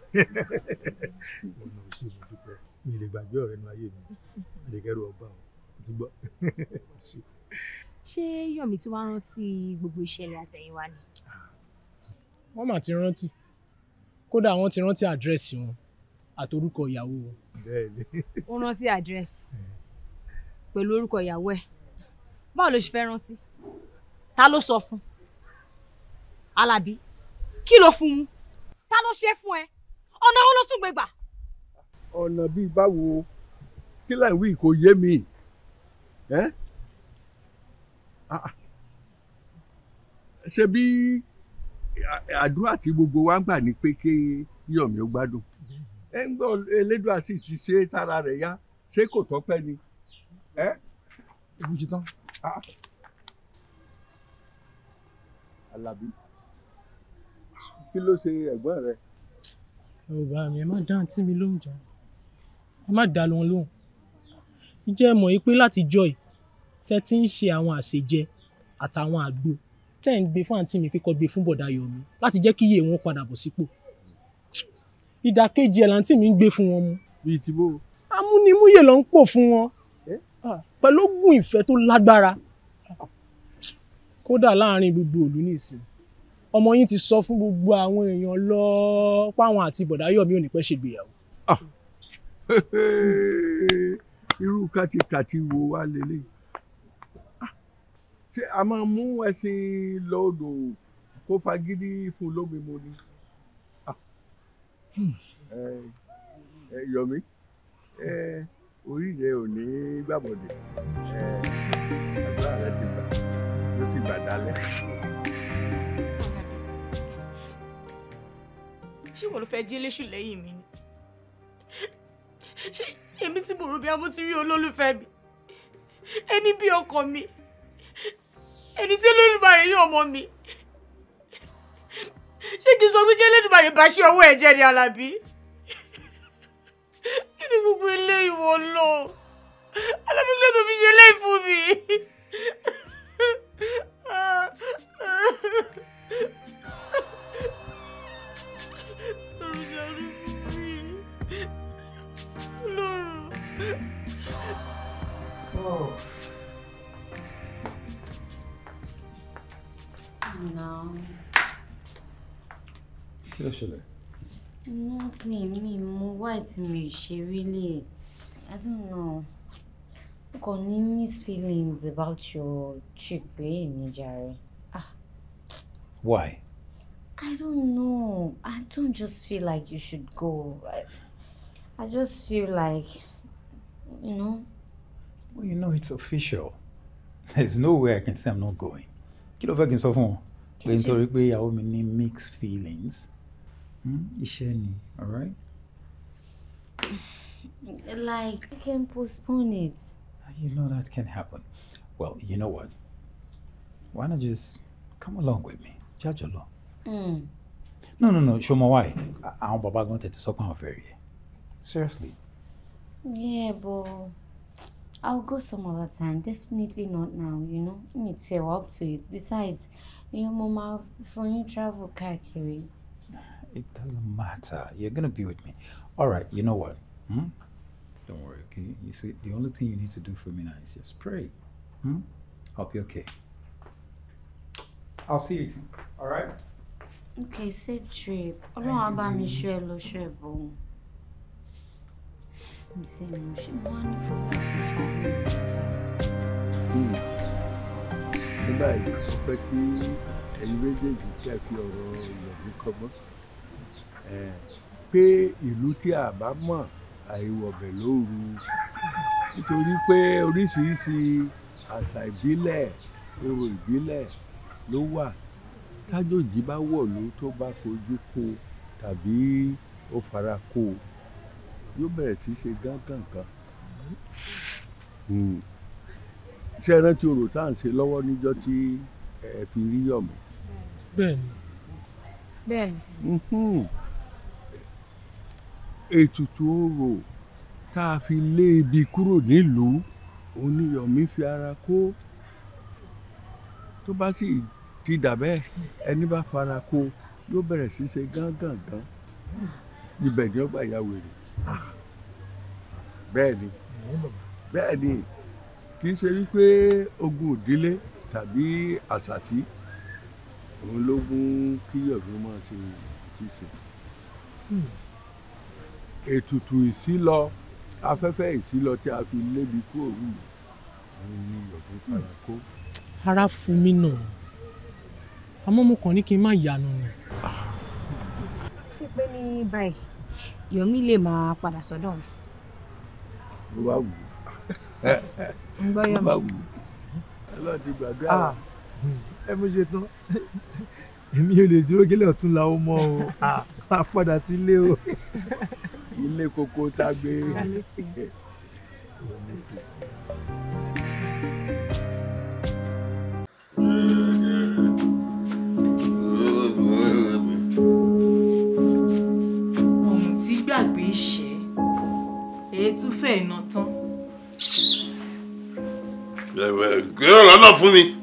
mo nà ṣe mo dúpẹ́ mi lè gbàgbé ọ̀rẹ́ nu ayé mi àdékẹ́rù ọba ò ti gbọ́. ṣé Yọ̀mí tí wàá rántí gbogbo ìṣẹ̀lẹ̀ àtẹ̀yìnwá ni. wọ́n mà ti rántí kódà wọ́n ti rántí àdírẹ́sì wọn àtorúkọ ìyàwó wọn. ó rántí àdírẹ́sì pẹ̀lú orúkọ ìyàwó ẹ̀ báwo ló ṣe fẹ́ rántí ta ló sọ fún un alábí kí ló fún un ta ló ṣe fún ẹ ọ̀nà wo ló tún gbé gbà. ọ̀nà bíi báwo kí láì wí kò yé mi ah, ah. ṣe bí àdúrà tí gbogbo wa ń gbà ní pé kí yọ̀mí ó gbádùn ẹ ń gbọ́ elédùà sì ti ṣe tára rẹ̀ yá ṣé kò tọ́pẹ́ ni. ìbùjì tán. Ah. alábí kí ló ṣe ẹ̀gbọ́n rẹ. yorùbá mi ẹ má dá àǹtí mi lóhùn jọ ẹ má dá lóhùn lóhùn ǹjẹ́ ẹ mọ̀ yìí pé láti jọ yìí tẹ́ ti ń ṣe àwọn àṣejẹ àtàwọn àgbo tẹ́ ń gbé fún àǹtí mi kíkọ́ gbé fún bọ̀dá yọ̀mí láti jẹ́ kí iye wọn padà bọ̀ sípò ìdàkejì ẹ̀ làǹtí mi ń gbé fún wọn mu. bíi ti bó. amúnimúyè ló ń pò fún wọn pẹ̀lú ògùn ìfẹ́ tó lágbára kódà láàrin gbogbo ìlú nìsín ọmọ yín ti sọ fún gbogbo àwọn èèyàn lọ páwọn àti bọ̀dá yọ̀mí ò ní pẹ́ ṣègbéyàwó. Ah. (laughs) irú kàtìkàtì wo wá lélẹ̀ ah. ṣé a máa mú ẹṣin lọ odò kó fagídí fún lómi mo ni. Ah. Hmm. yọ̀mí orí rẹ ò ní gbàbọ̀dẹ̀ àgbà rẹ ti gbà ló ti gbà dálẹ̀. ṣé wọn ló fẹ́ jí léṣù lẹ́yìn mi ni ṣé èmi tí mo rò bí amó ti rí olólùfẹ́ mi ẹni bí ọkọ mi ẹni tí olólùbárẹ̀ yóò mọ mi ṣé kí n sọ pé kí Elédùmarè bá ṣe ọwọ́ ẹ̀jẹ̀ ni Alábí kí ni gbogbo eléyìí wọ́n lọ Alábí kílẹ̀ tó fi ṣe eléyìí fún mi. No. Kí ló ṣẹlẹ̀? Nothing mi mo white mi ṣe really. I don't know. Mo kàn ní mixed feelings about your trip wey ní jàre. Why? I don't know. I don't just feel like you should go. I, I just feel like, you know, Well, you know it's official. (laughs) There's no way I can say I'm not going. Kí ló fẹ́ kí n sọ fún wọn? Pé nítorí pé ìyàwó mi ní mixed feelings. Hmm? Iṣẹ́ ni, alright? Like, I can postpone it. Ah, you know that can happen. Well, you know what? Why not just come along with me? Judge along. Mm. No, no, no. Show me why. Àwọn bàbá gan tètè sọ pé àwọn fẹ́ rí ẹ. Seriously. Yeah, but. I'll go some other time. Definitely not now, you know. Me tear up to it. Besides, you Mama, for you travel kakiri. It doesn't matter. You're gonna be with me. All right. You know what? Hmm? Don't worry. Okay. You see, the only thing you need to do for me now is just pray. Hmm? I'll be okay. I'll see you. Soon. All right. Okay. Safe trip. Ọlọ́run á bá mi Msemo shimwani fún ní báyìí wọ́n fẹ́ kí ẹni méjèèjì kẹ́ fi ọ̀rọ̀ ìyọ̀bí kọ́gbọ́n pé ìlú tí a bá mọ̀ àìwọ̀bẹ̀ lóru nítorí pé oríṣiríṣi àṣà ìbílẹ̀ orò ìbílẹ̀ ló wà tájòjì bá wọ̀lú tó bá fojú ko tàbí ó fara kó yóò bẹ̀rẹ̀ sí ṣe gángàngán hmm. ṣe rántí orò tá à ń ṣe lọ́wọ́ níjọ́ tí ẹ fi rí yọ̀mí. bẹ́ẹ̀ni. bẹ́ẹ̀ni. Hmm. ètùtù orò tá a fi lé ibi kúrò nílùú oníyọ̀mí fi ara kó tó bá sì ti dà bẹ́ẹ̀ ẹni bá fara kó yóò bẹ̀rẹ̀ sí ṣe gángàngán ibẹ̀ ni ó gbà ya wèrè. Ah. bẹ́ẹ̀ni bẹ́ẹ̀ni kì í ṣe wípé ogun òdílé tàbí àṣàṣì òun ló gún kíyọ̀dún máa ṣe ṣíṣe ètùtù ìsílọ afẹ́fẹ́ ìsílọ tí a fi lébi kú òru òun ni ọ̀dún fara kó. ara fún mi náà àmọ́ mo ní kí n má yanu ni. ṣé pé ní báyìí Yomi lè máa padà sọ́dọ̀ mi. Mo bá wù ú. Mo bá wù ú. Ọlọ́run ti gbàdúrà wa. Ah. Ẹ mú ṣe tán. Èmi ò lè dúró kílẹ̀ ọ̀tún la ó mọ́ o. A padà sílé o. Ilé koko tá a gbé. Ìyá ló sì. Ìyá ló sì tún. èyí tún fẹ́ iná tán. ẹ̀wẹ̀ gíràn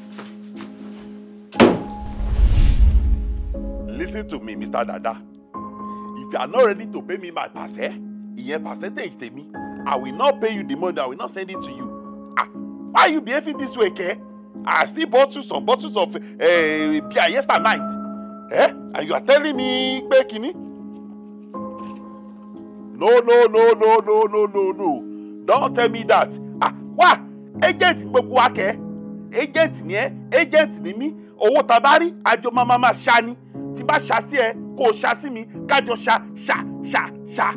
listen to me Mr. Dada if you are not ready to pay me my pàṣẹ ìyẹn to me, I will not pay you the money I will not send it to you ah why you behaving this way kẹ́ I still bought you some bottles of uh, beer yesterday night eh? and you are telling me pé no no no no no no no no don't tell me that ah wá agent gbogbo wa agent ni ẹ agent ni mí owó ta bá rí àjọ máa máa ṣá ni tí bá ṣá sí ẹ kó o ṣá sí mi kájọ ṣá ṣá ṣá ṣá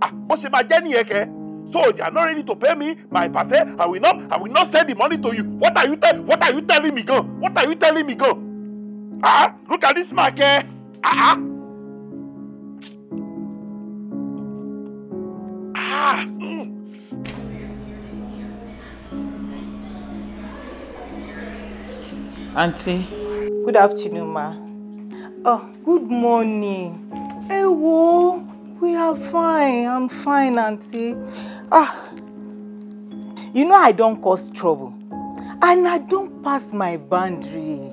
ah bó ṣe máa jẹ́ nìyẹn kẹ́ so you are not ready to pay me my pase i will not i will not send the money to you what are you tell what are you telling me gan what are you telling me gan ah look at this man kẹ́ ah ah. Auntie, good afternoon ma. oh good morning. hey, wo we are fine i'm fine auntie. ah you know i don't cause trouble and i don't pass my boundary.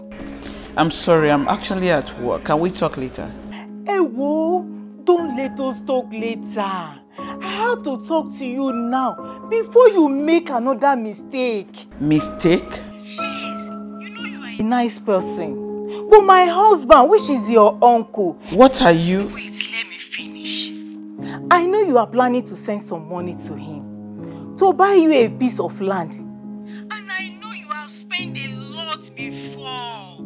i'm sorry i'm actually at work can we talk later. Hey, wo don't let us talk later. I have to talk to you now before you make another mistake. Mistake? a nice person. But my husband, which is your uncle. What are you? Wait, let me finish. I know you are planning to send some money to him to buy you a piece of land. And I know you have spent a lot before.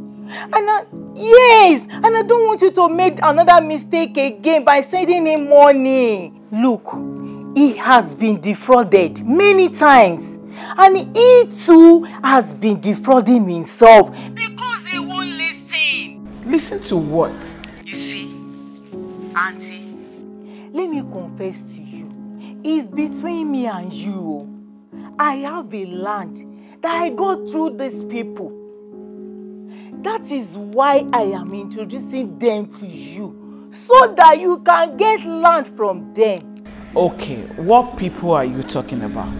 And I, yes, and I don't want you to make another mistake again by sending him money. Look, he has been defrauded many times and he too has been defrauding himself because he won't listen. Listen to what? You see, Auntie, let me confess to you, it's between me and you. I have a land that I go through these people. That is why I am introducing them to you, so that you can get land from them. Okay, what people are you talking about?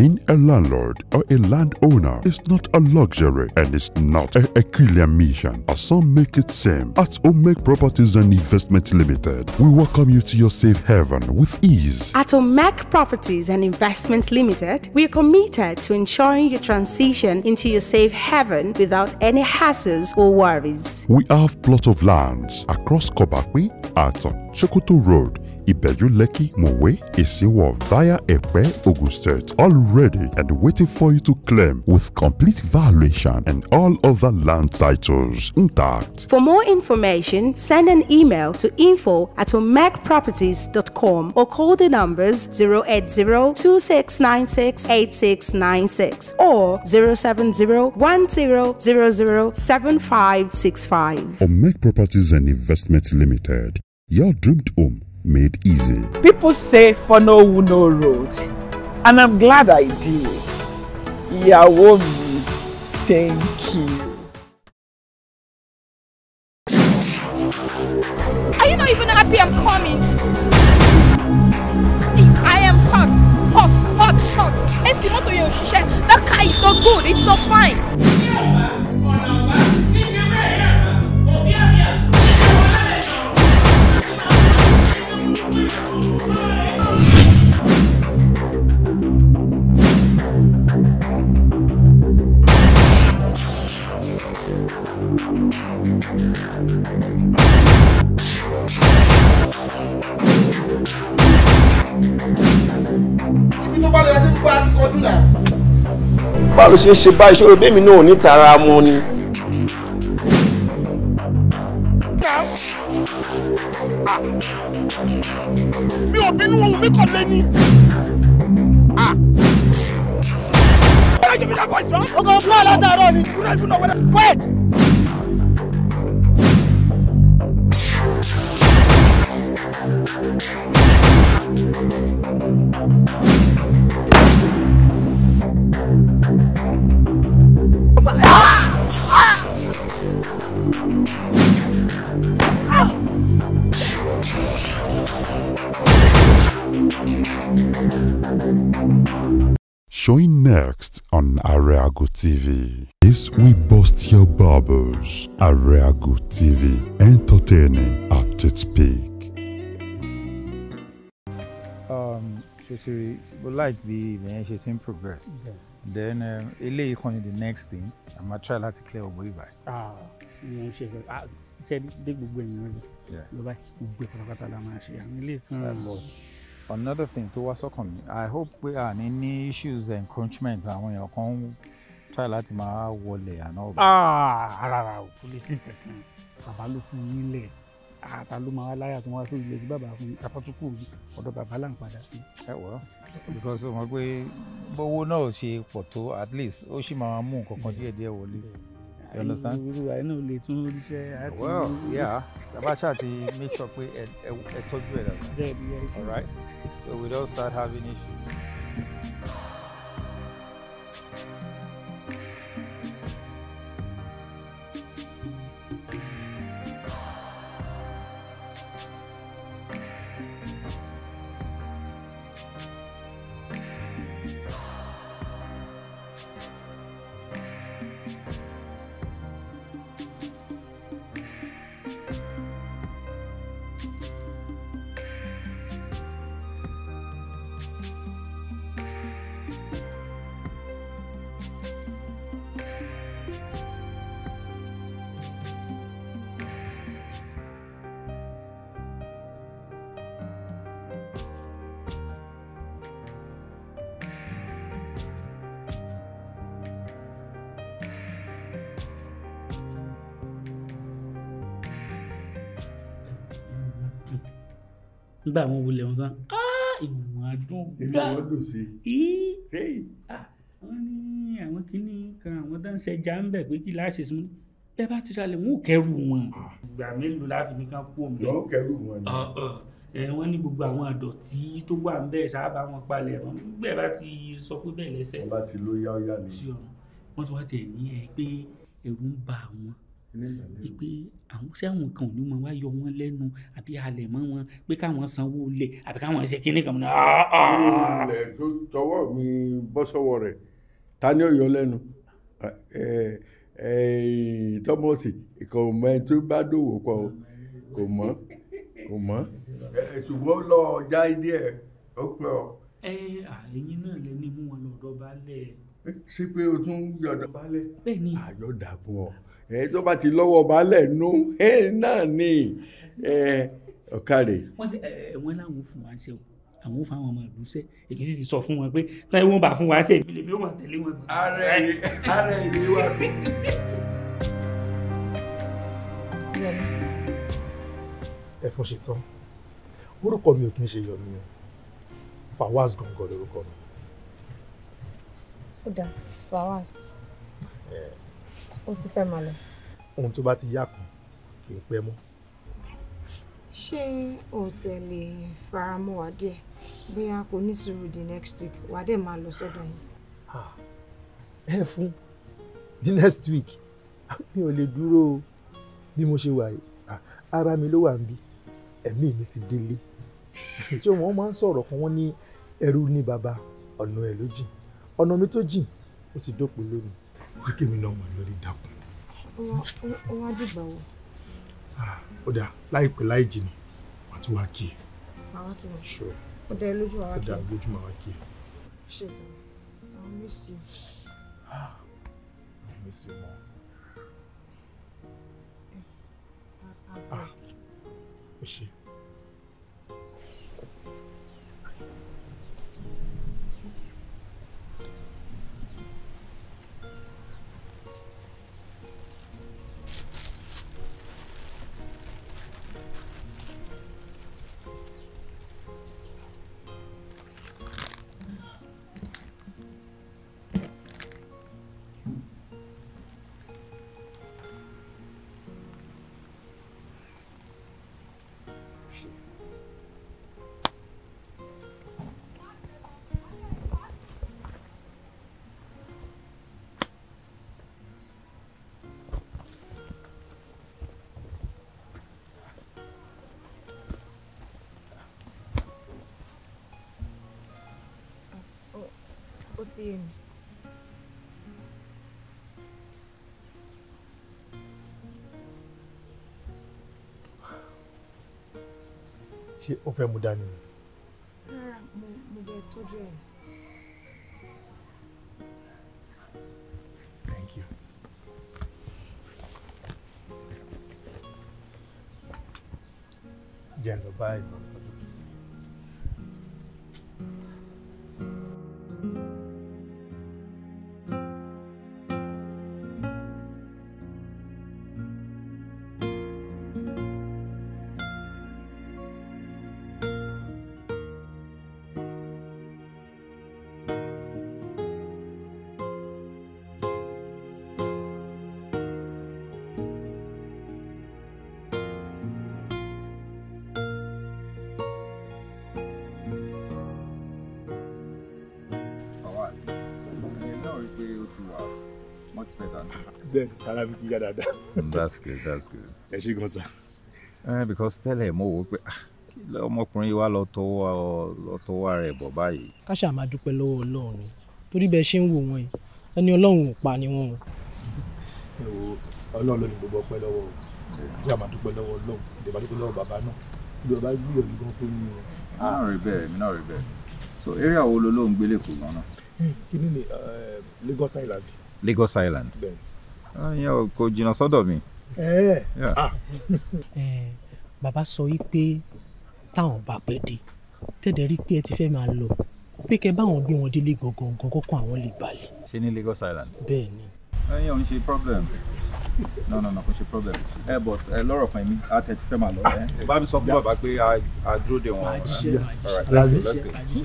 Being a landlord or a landowner is not a luxury and is not a peculiar mission, as some make it seem. At Omeg Properties and Investments Limited, we welcome you to your safe haven with ease. At Omeg Properties and Investments Limited, we are committed to ensuring your transition into your safe haven without any hassles or worries. We have plot of lands across Kobakwi at Chokoto Road Ibejuleki Mowe your via Epe Ogun all already and waiting for you to claim with complete valuation and all other land titles intact. For more information, send an email to info at omegproperties.com or call the numbers 080-2696-8696 or 070-1000-7565. Omeg Properties and Investments Limited, your dreamed home made easy. People say follow who no road, and I'm glad I did. Ìyàwó mi, thank you. Are you not even happy I'm coming? See, I am hot, hot, hot, hot. Èsì mọ́tò yẹn ò That car is not good, it's not fine. báwo ṣe ṣe bá ìṣòro bẹ́mi náà ní tara mọ́ ni. mi ò bínú ohun mi kàn lé ní. Wait! Showing next on Areago TV. This we bust your bubbles. Areago TV, entertaining at its peak. Um, ṣe ti rí o like bí ìbẹ̀yẹn ṣe ti progress okay. then um, eléyìí kan the next thing i ma try láti clear ọgbọ ibà. Ah, ìyẹn ṣe another thing to wá sọ́kàn mi i hope we are any ní issues encroachment I want kan ń try láti máa wọlé àná. Ah, rárá o kò lè police nǹkan kan bàbá ló àtà ló máa wá láyà tó wá sórí ilé tí bàbá fún mi àpótúkù ọ̀dọ̀ bàbá là ń padà sí. ẹ wọ because o mọ pé bówó náà ṣe pọ̀ tó at least ó sì máa mú nǹkan kan díẹ̀díẹ̀ wọlé you understand. olùwà inú lè tún oríṣẹ́ àti. well yeah tabasha ti make sure pé ẹ tọ́jú ẹ̀ dàgbà. bẹ́ẹ̀ ni ẹ ṣe. all right so we don start having issues. nígbà wọn wulẹ̀ wọn tán ah, ìwọ̀n adùn gbà ah, wọ́n ní àwọn kìíní kan àwọn dáńsẹ̀ já ń bẹ̀ pé kí láṣẹ sí mi bẹ́ẹ̀ bá ti ralẹ̀ wọn ò kẹrù wọn. Ah. ìgbà mélòó la fi nìkan kú omi. yọ̀ọ́ kẹrù wọn ni. ẹ wọ́n ní gbogbo àwọn àdọ̀tí tó wà ń bẹ́ẹ̀ sábà wọn palẹ̀ wọn bẹ́ẹ̀ bá ti sọ pé bẹ́ẹ̀ lẹ́fẹ̀ẹ́. wọ́n bá ti ló yá ọ́ ni. wọ́n ti wá tiẹ̀ ní ẹ pé ẹ̀rù ń ba àwọn ìpè àwọn sí àwọn kan ò ní mọ wá yọ wọn lẹ́nu àbí halẹ̀ mọ́ wọn pé káwọn sanwó lẹ̀ àbí káwọn ṣe kinní kan. ilẹ̀ tó tọwọ́ mi bọ́ sọ́wọ́ rẹ̀ ta ni ó yọ lẹ́nu tọ́mọ̀sì kò mọ ẹni tó bá dòwò pọ̀ kò mọ́ kò mọ́ ṣùgbọ́n lọ já díẹ̀ ó pẹ́ ọ. ẹ ẹ̀yin náà lè ní mú wọn lọ́dọ̀ balẹ̀. ṣé pé o tún yọ̀dọ̀ balẹ̀? bẹ́ẹ̀ ni àyọ̀dà fún ẹ tó bá ti lọ́wọ́ baálẹ̀ nú ẹ náà ni ẹ ọ̀kàrè. wọ́n ti ẹ wọ́n láwọn fún wa ṣe àwọn fún àwọn ọmọ ìlú ṣe èmi sì ti sọ fún wọn pé táyé wọn bá fún wa ṣe èmi lè bí wọn tẹ̀lé wọn. ara ẹni ara ẹni wa. ẹfun ṣetán orúkọ mi ò kí ń ṣe yọmi o fawaz gangan lorúkọ mi. ó dáa fawaz. Yeah ó ti fẹ́ máa lọ. ohun tó bá ti yá kan kì í pẹ́ mọ́. ṣé o tẹ̀ lè faramọ́ wa díẹ̀ bóyá kò ní sùúrù di next week wàá dẹ̀ máa lọ sọ́dọ̀ yín. ẹ fún di next week ah, mi ò lè dúró bí mo ṣe wà yìí ara mi ló wà ń bí ẹ̀mí mi ti délé ṣé wọ́n máa ń sọ̀rọ̀ kan wọ́n ní ẹrú ní baba ọ̀nà ẹ̀ ló jìn ọ̀nà mi tó jìn ó ti dópin lónìí jẹ́ kí èmi náà mọ̀ lórí dákun. ó wá dìgbà wo. Ah, ó dáa láìpẹ́ láì jìnnà wà á tún wá kí ẹ. màá kí wọn. ṣọ ó dá lójú màá wá kí ẹ. ó dá lójú màá kí ẹ. ṣe ìdánwò àwọn mísì. àwọn mísì wọn. ó ṣe. ó ti yé mi. ṣé o fẹ́ mú dání ni. rárá mo mo bẹ tọ́jú ẹ̀. thank you. jẹ́ lọ bá ìbọn. dẹ̀ sára ti yá dáadáa. Mm, that's good that's good. ẹ ṣe gan sa. Eh, because tẹ́lẹ̀ mo wò pé ah, kí ọmọkùnrin wa lọ tọwọ́ lọ tọwọ́ rẹ̀ bọ̀ báyìí. ká ṣáà máa dúpẹ́ lọ́wọ́ ọlọ́run torí bẹ́ẹ̀ ṣe ń wò wọ́n yìí ẹni ọlọ́run ò pa ni wọ́n. ọlọ́run ló ní gbogbo ọpẹ́ lọ́wọ́ o ṣáà máa dúpẹ́ lọ́wọ́ ọlọ́run ìdè dúpẹ́ lọ́wọ́ bàbá náà ìdè bàbá gbìyànjú gan tó ní o. mi náà rí bẹ́ẹ̀ mi náà rí bẹ́ẹ̀ so area wo ló ló ń gbélé kò gan náà. Hmm, kí ni eh, Lagos Island. Lagos Island. bẹ́ẹ̀ Ah, ìyẹn kò jìnnà sọ́dọ̀ mi. Eh. Ah. (laughs) Eh, bàbá sọ yìí pé táwọn bá pẹ́ dé tẹ́lẹ̀ rí pé ẹ ti fẹ́ máa lọ pé kẹ báwọn gbé wọn délé gangan kọ́kọ́ àwọn lè balẹ̀. ṣé ní Lagos Island. bẹ́ẹ̀ ni. Eh, ẹyin òun ṣe problem no no no kò ṣe problem ẹ bọ ẹ lọ́rọ̀ kan mi a tẹ ti fẹ́ máa lọ. bá mi sọ fún bàbá pé a dúró de wọn. màá jíṣẹ́ màá jíṣẹ́ màá jíṣẹ́.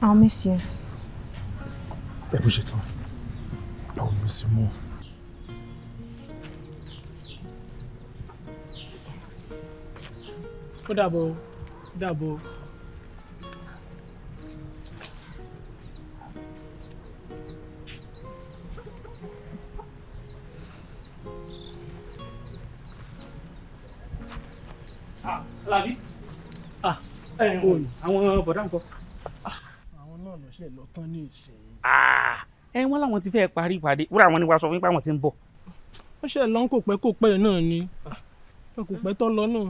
Ah, monsieur. you vegetal. É Oh, monsieur, moi. Oh, d'abord. D'abord. Ah, vie. Ah, oui. Eh, ṣe lọ tán ní ìsìn. Ah, ẹ wọn làwọn ti fẹ́ parí ìpàdé wúrà wọn ni wàá sọ fún yín pé àwọn ti ń bọ̀. wọ́n ṣe lọ kò pẹ́ kò pẹ́ náà ni ah, kò pẹ́ tọ́ lọ náà.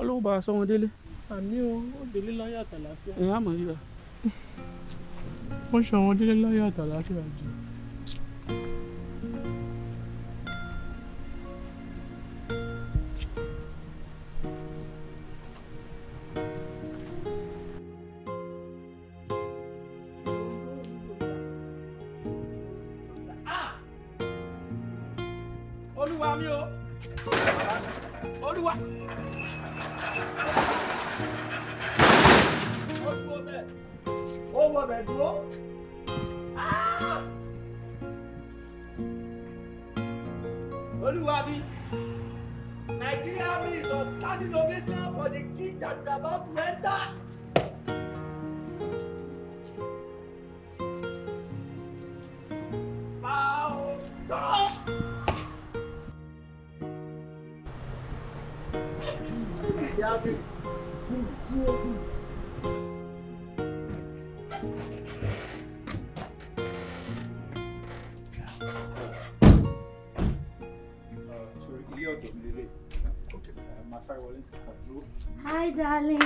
ọlọ́wọ́ bá a sọ wọn délé. àmì o ó délé láyé àtàlàfíà. ẹ á mọ̀ yíra. wọ́n ṣe àwọn délé láyé àtàlàfíà jù. डाले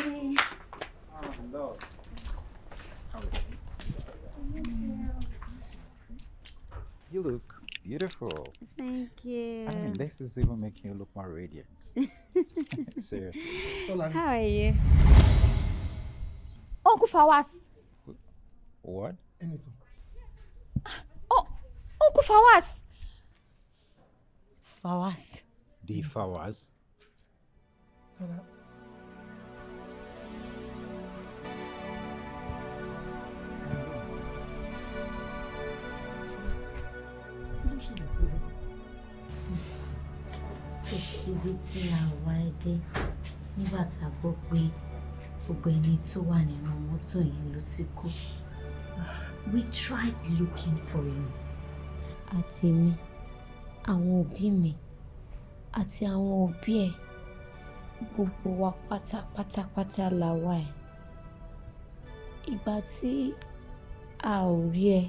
You look beautiful. Thank you. I mean, this is even making you look more radiant. (laughs) Seriously. How are you? Uncle Fawaz. What? Anything. Oh, Uncle Fawaz. Fawaz. The Fawaz. Tola, ibi tí a wá dé nígbà tá a gbọ́ pé gbogbo ẹni tó wà nínú mọ́tò yẹn ló ti kú we tried looking for you, àti mi àwọn òbí mi àti àwọn òbí ẹ̀ gbogbo wa pátápátápátá la wá ẹ̀ ìgbà tí a ò rí ẹ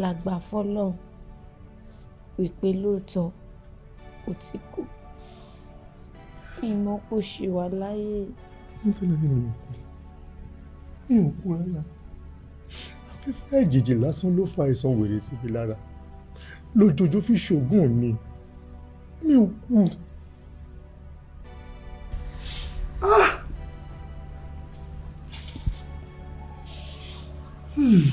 la gbà fọ́lọ́run wípé lóòótọ́ ó ti kú ìmọ̀ kò ṣì wà láyé. nítorí mi ò kú mi ò kú rárá afẹ́fẹ́ ìjèjì lásán ló fa àìsàn wèrè sí mi lára lójoojó fi ṣògùn mi mi ò kú. Ah! Hmm.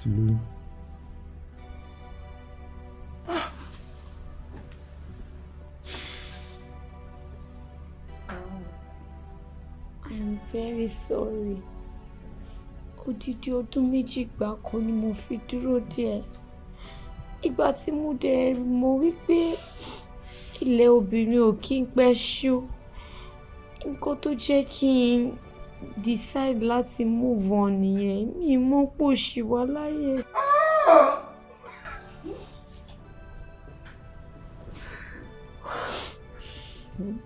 Ti lóyún. very sorry. Odidi ọdún méjì gbáko ni mo fi dúró díẹ̀. Ìgbà tí mo dẹ̀ mọ wípé ilẹ̀ obìnrin ò kí ń pẹ́ ṣú. Nǹkan tó jẹ́ kí n decide láti move on nìyẹn. Mi mọ́ pò ṣì wá láyé. Mm-hmm.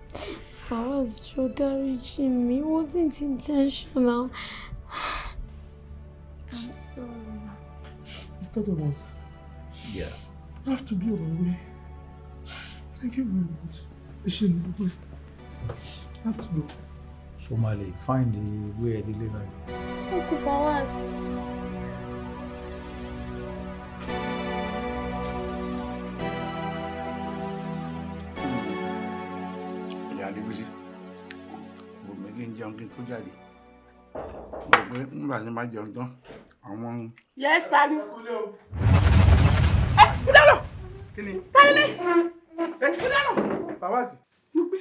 Fawaz jọ dáríjì mi it wasn't intentional. I'm sorry. Is that the one? Yeah. I have to be on my way. Thank you very much. Ẹ shouldn't be. gbogbo ẹ̀. I have to go. Ṣo máa find the way ẹ̀ délé Thank you, Fawaz. gbèsè kò mí kí n jẹun kí n tó jáde mo pé nígbà tí n bá jẹun tán àwọn. yes tani. ẹ kúndàlọ. kí ni. táyélé. ẹ kúndàlọ. fàwásì. mo gbé.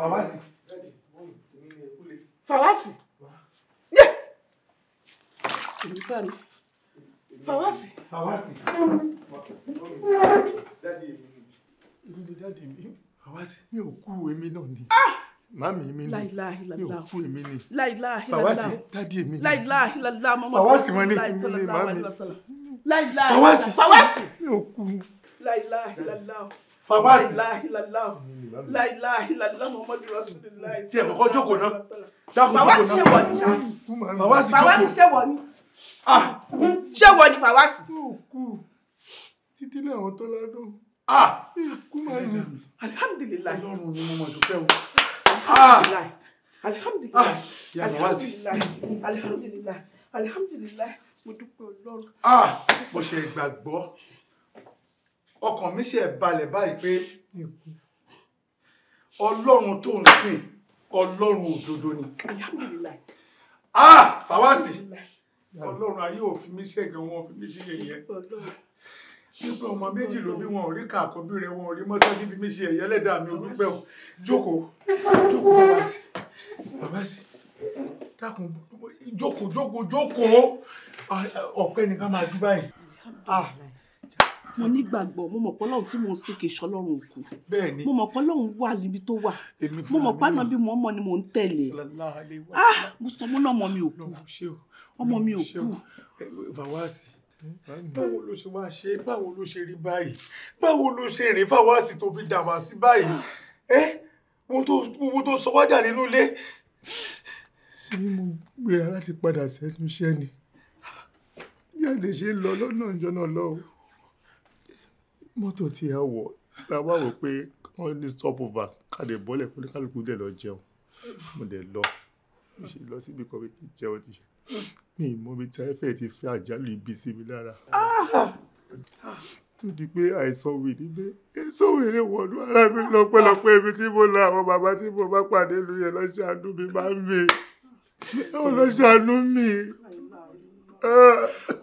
fàwásì. fàwásì. yé. èmi bá mi. fàwásì. fàwásì. èmi náà ni ah! màmí èmi ni mi ò kú èmi ni fàwásì dádì èmi ni fàwásì ah! wọn ni èmi ni màmí mi ò kú. fàwásì tí ẹ kọ́kọ́ jókòó náà dákun jókòó náà fàwásì jókòó ṣé wọ ni fàwásì. títí lé àwọn tó lọ́dún ikú ah! máa ń lù. alihamudulilayi. ọlọ́run ni mo mọ̀ dúpẹ́ o. alihamudulilayi. Ah! alihamudulilayi. Ah! yàrá wá sí. alihamudulilayi. alihamudulilayi. mo dúpẹ́ ọlọ́run. mo ṣe gbàgbọ́ ọkàn mi ṣe balẹ̀ báyìí pé ọlọ́run tó ń sìn ọlọ́run òdodo ni. alihamudulilayi. ọlọ́run ayé ò fi ṣẹ̀gàn wọn fi mí ṣe yẹ̀yẹ́ wípé ọmọ méjì ló bí wọn ò rí kàkọ́bí rẹ wọn ò rí níbi mi ṣe ẹ̀yẹ́ lẹ́dàá mi olùgbẹ́ o jókòó jókòó bàbá sí bàbá sí dákun jókòó jókòó jókòó ọ̀pẹ nìkan máa dúbà yìí. Ah. mo nígbàgbọ́ mo mọ̀ pé ọlọ́run tí mo ń sìnkì sọlọ́run òkú mo mọ̀ pé ọlọ́run wà níbi tó wà mo mọ̀ pé àná bí mo mọ̀ ni mo ń tẹ̀lé ah! mo sọ mo náà ọmọ mi òkú ọmọ mi òkú báwo ló ṣe wá ṣe báwo ló ṣe rí báyìí báwo ló ṣe rìn fáwọn àsì tó fi dà wá sí báyìí ẹ wo tó sọ wá dà nínú ilé. sí ni mo gbéra láti padà sẹ́nu iṣẹ́ ni bí àdè ṣe ń lọ lọ́nà ìjọ́nà lọ́wọ́ mọ́tò tí a wọ̀ la wá wò pé wọ́n ní stop over káde bọ́lẹ̀ kó ní kálukú dẹ̀ lọ jẹun mo dẹ̀ lọ mo ṣe lọ síbi kan pé jẹun ti ṣe mi ì mọ̀ bí táífẹ̀ẹ́ ti fẹ́ àjálù ibi sí mi lára. tó di pé àìsàn wèrè bẹ́ èso wèrè wọ̀lú ara mi lọ́pẹ́lọpẹ́ ibi tí mo lọ àwọn bàbá tí mo bá pàdé lu yẹn lọ́sẹ̀ àánú mi máa ń mi ẹ̀wọ̀n lọ́sẹ̀ àánú mi.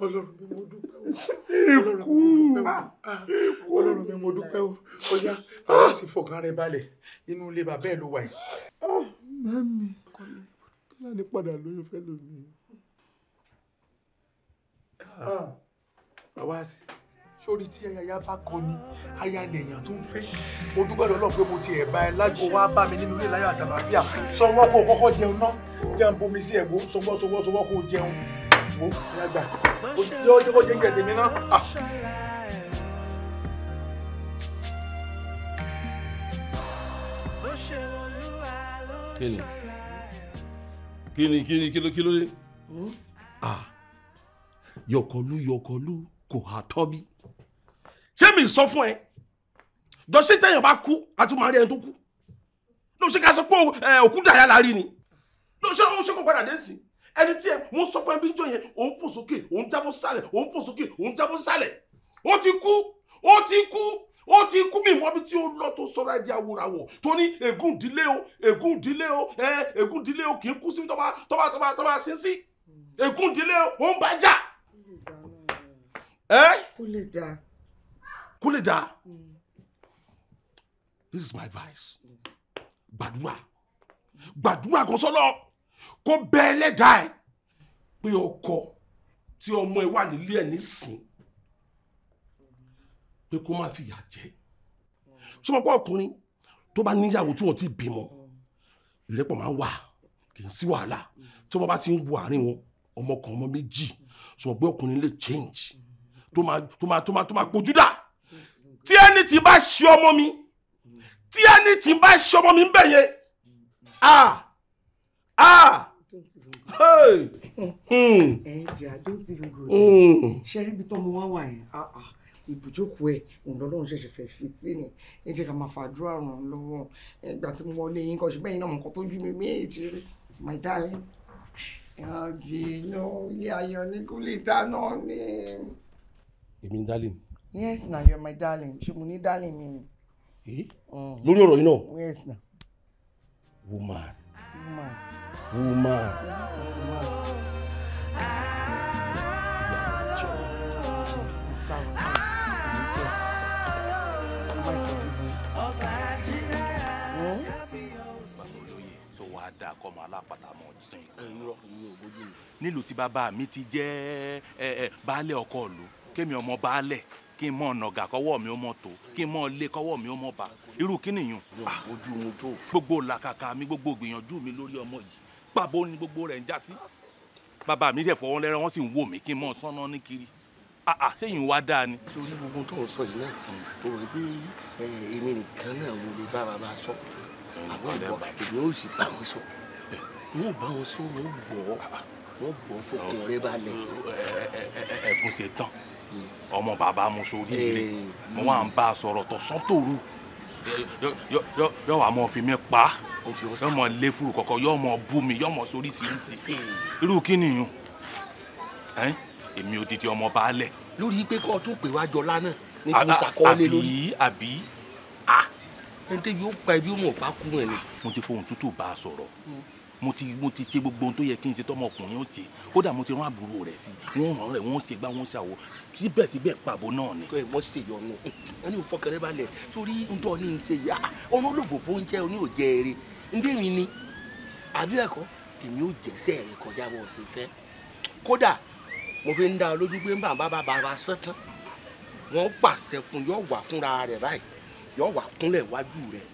ọlọ́run mi mo dùn ikú ikú ọlọ́run mi mo dúpẹ́ o ọ̀yá bàbá sì fọkàn rẹ balẹ̀ inú ilé bàbá ẹ̀ ló wà yìí. mami kọ́lá ní padà lóyún fẹ́ lómi. Ah. bàbá sí sórí tí ayaya bá kọ ni aya lèèyàn tó ń fẹ́ mo dúpẹ́ lọ́lọ́ pé mo ti ẹ̀bá ẹ lágbo wá bá mi nínú ilé láyọ̀ àtàlàfíà sanwó kó kọ́kọ́ jẹun ná jẹun bomi sí ẹ̀gbọ́ sanwó sanwó sanwó kó jẹun wo lágbà ó jẹ́ ó jẹ́ kó jẹ́ ń jẹ tèmi ná. kí ni kí ni kí ni kí ló kí ló dé. Hmm? yọkọlú yọkọlú kò hà tọ́bí ṣé mi sọ fún ẹ jọ ṣé tẹ̀yàn bá kú àtúmọ̀ àárẹ̀ ẹni tó kú ló ṣe ká sọ pé òkú dàyà láàrin ni ló ṣe ó ṣe kó dé sí ẹni tí ẹ mo sọ fún ẹ bí ń jọ yẹn òun fò sókè òun jábọ́ sálẹ̀ òun fò sókè òun jábọ́ sálẹ̀ ó ti kú ó ti kú ó ti kú mi mọ́bi tí ó lọ tó sọ̀rọ̀ ẹ̀dí awòràwọ̀ tó ní ègún ìdílé o ègún ìdílé o ègún ìdílé o kì í kú sí tọ́ba tọ́ba tọ́ba sí sí ègún ìdílé o ó ń bá jà kó eh? lè dáa. kó mm. this is my advice. Badua, gbàdúrà gbàdúrà kò sọ́lọ́ kó bẹ ẹlẹ́dàá ti omo e wa ni ẹ ni sin. ẹ̀ nísìn pé kó má fìyà jẹ sọmọpọ ọkùnrin tó bá níyàwó tí wọn ti bímọ ìrẹ́pọ̀ máa ń wà kì í sí wàhálà tí wọn bá ti ń wo àárín wọn ọmọ kan ọmọ méjì sọmọ pé ọkùnrin le change tó máa tó máa tó máa tó máa gbójú dà tí ẹni tí bá ṣe ọmọ mi tí ẹni tí bá ṣe ọmọ mi ń bẹ̀ yẹn ah ah hey hmm. ẹ jẹ́ àdóńtì gbogbo rẹ̀ ṣe rí ibi tọ́mọ wá wà yẹn ah ah ibùjókòó ẹ òǹdọ́lọ́run ṣẹ̀ṣẹ̀ fẹ́ fi sí ni ẹ jẹ́ ká máa fàdúrà ràn án lọ́wọ́ ìgbà tí mo wọlé yín kan ṣùgbọ́n ẹ̀yin náà mọ̀ nǹkan tó mi méjì rí my darling ìrànbí inú ilé ayọ̀ ní kúlítà náà ni èmi ni darling. yes na you are my darling ṣé mo ní darling mi ni. Eh? Mm. lórí ọ̀rọ̀ yìí náà. yes na. woman. woman. woman. dáa kọ́ ọmọ alápàtà mọ̀ sìn. ẹ irọ́ mi ò bójú mi. nílùú tí bàbá mi ti jẹ́ baálé ọkọ ìlú kémi ọmọ baálẹ̀ kí n mọ ọ̀nàgà kọ́wọ́ mi ó mọ tó kí n mọ ilé kọ́wọ́ mi ó mọ bá irú kí nìyẹn. ojú mi tó. gbogbo làkàkà mi gbogbo gbìyànjú mi lórí ọmọ yìí pàbó ni gbogbo rẹ̀ ń já sí. bàbá mi dẹ̀ fọwọ́ lẹ́rẹ́ wọ́n sì ń wò mí kí n mọ sọ́nà ní kiri àà sẹ́yìn wá dáa ni. sórí gbogbo tó ń sọ yìí náà o rò pé èmi nìkan náà mo lè bá bàbá sọ àwọn ìbọn èmi ò sì bá wọn sọ wọn ò bá wọn sọ wọn ọmọ bàbá mo sórí ilé mo wà ń bá a sọ̀rọ̀ tó sọ́tòru yọ wà mọ́ fi mi pa yọ mọ́ lé fúru kọ̀kọ́ yọ mọ́ bú mi yọ mọ́ sórí sírísì irú kí nìyẹn èmi odidi ọmọ baálẹ̀. lórí pé kó o tún pè wá jọlá náà nítorí sàkọọ́lẹ̀ lórí. àbí àbí. ẹni tẹ́ yóò pa ẹbí ó mọ̀ bá kú mọ̀ ni. mo ti fohùn tútù bá a sọ̀rọ̀. Mm mo ti mo ti ṣe gbogbo ohun tó yẹ kí n ṣe tọmọ ọkùnrin ó ṣe kódà mo ti rán àbúrò rẹ sí wọn ràn rẹ wọn ṣe gbá wọn ṣàwọ síbẹ̀síbẹ̀ pàbó náà ni. ẹ wọ́n ṣe yọnu wọn ni ò fọkànlẹ́ balẹ̀ torí ntọ́ ni ń ṣe yá ọ̀nà olófòfó ń jẹ́ oní òjẹ́ eré ndéyìn ni àbí ẹ̀kọ́ èmi ò jẹ́sẹ̀ rẹ kọjá bó ṣe fẹ́ kódà mo fi ń dá lójú pé ń bàbá bàbá bàbá sẹ́tán wọ́n pàṣẹ fún yọ̀ wà fúnra rẹ̀ báyìí yọ̀ wà kúnlẹ̀ wájú rẹ̀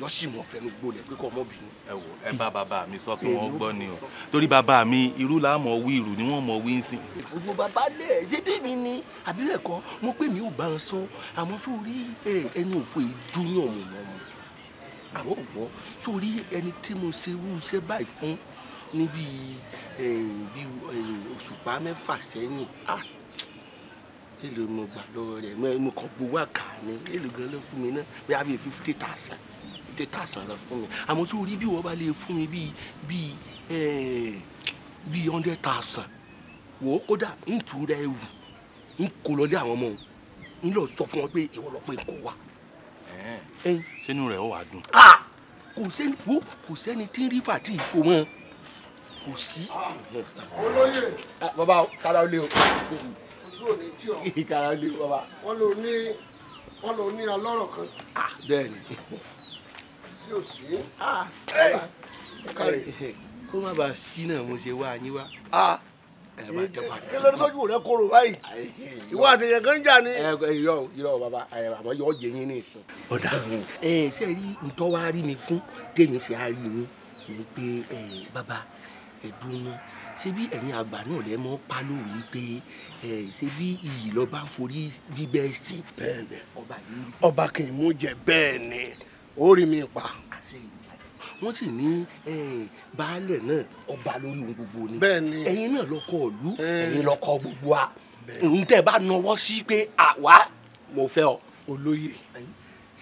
yọ sì mọ fẹnu gbolẹ pé kọ ọmọbìnrin. ẹ wò ẹ bá bàbá mi sọ kí wọn gbọ́ ni o torí bàbá mi irú là mọ wí irú ni wọn mọ wí ń gbogbo bàbá lẹ ṣébí mi ni àbílẹ̀ kọ́ mo pè mí ò bá ń sọ àmọ́ sórí ẹni òfò ìdúyàn mọ̀ mọ́ mi àbọ̀ gbọ́ sórí ẹni tí mo ṣe irú iṣẹ́ báyìí fún níbi òṣùpá mẹ́fà sẹ́yìn èlò mo gbà lọ́wọ́ rẹ̀ mo kàn gbowó àkà èlò gan ló fún mi náà bí a fi fifty thousand tètè àsànrà fún mi àmọ́ tó rí bí wọ́n bá lè fún mi bíi bíi bíi hundred thousand wò ó kódà ń tù rẹ ẹrù ń kó lọ dé àwọn ọmọ òun ń lọ sọ fún wọn pé ìwọ lọ pé kó wa. sínú rẹ̀ ó wàá dùn. Ah! kò sẹ́ni wo kò sẹ́ni tí ń rí fàtí ìfò mọ́ kò sí. olóyè. Ah, bàbá kára ó o. ojú ò ní tí o. kára ó o bàbá. wọ́n lò ní wọ́n lò ní alọ́rọ̀ kan. Ah, bẹ́ẹ̀ ni. (laughs) tí ò sí. Ah, kó má bàa sí náà mo ṣe wá yín wá. Ah! kí ló ní tọ́jú rẹ kóró báyìí ìwọ àtẹ̀yẹ kan jà ni. irọ́ irọ́ bàbá àmọ́ yọ yẹ yín ní ìsìn. ọ̀dà ṣe rí ntọ́wá rí mi fún tèmi ṣe á rí mi ni pé bàbá ẹ̀dùn náà ṣebí ẹ̀yin àgbà náà lẹ mọ̀ pálórí pé ẹ ṣebí iyì lọ́ba forí bíbẹ́ sí. bẹ́ẹ̀ni ọba kì í mú jẹ bẹ́ẹ̀ni ó rí mi pa wọ́n sì ní baálẹ̀ náà ọba lórí ohun gbogbo ni ẹ̀yin náà lọ́kọ̀ ìlú ẹ̀yin lọ́kọ̀ gbogbo a ń tẹ́ bá nọwọ́ sí pé àwa mo fẹ́ ọ. olóyè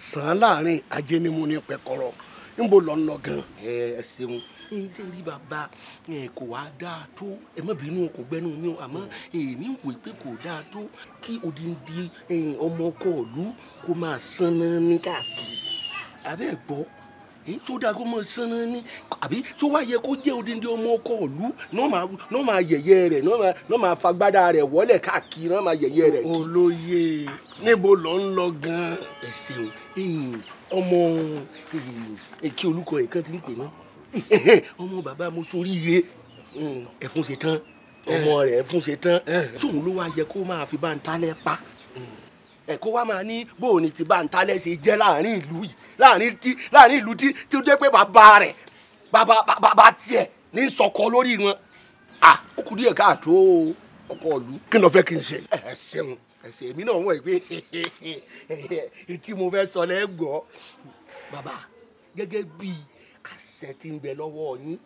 sàn án láàrin ajé ni mo ní pẹ̀kọ̀rọ̀ níbo lọ ń lọ gan. ẹ ẹ ṣeun ẹyin ṣe rí bàbá kò wá dáa tó ẹ má bínú kò gbẹnu mi o àmọ́ èmi ń wò pé kò dáa tó kí odindi ọmọ ọkọ ìlú kó máa sanná ní káàkiri abẹ́ gbọ́ tó dáa kó mọ sanna ní àbí tó wá yẹ kó jẹ́ odindi ọmọ ọkọ ìlú náà máa yẹ̀yẹ́ rẹ̀ náà máa fagbádá rẹ̀ wọlé káàkiri náà máa yẹ̀yẹ́ rẹ̀. olóye níbo lọ ń lọ gan ẹ ṣeun ọmọ èké olùkọ yìí ti ń pè náà (laughs) ọmọ bàbá mo soríire ẹfun ṣe tán ọmọ rẹ ẹfun ṣe tán tóun ló wá yẹ kó máa fi bá ń talẹ pa ẹ wa wá máa ní bóun ni ti bá ń talẹ̀ ṣe jẹ́ láàrin ìlú yìí láàrin tí láàrin ìlú tí tí ó jẹ́ pé bàbá rẹ̀ bàbá bàbá tiẹ̀ ní sọkọ lórí wọn à ó kù díẹ̀ káàtó ọkọ ìlú. kí ló fẹ́ kí n ṣe. ẹ ṣeun ẹsẹ èmi náà wọ̀ pé (laughs) tí mo fẹ́ sọ lẹ́gọ̀ọ́ bàbá gẹ́gẹ́ bí àṣẹ tí ń bẹ lọ́wọ́ yín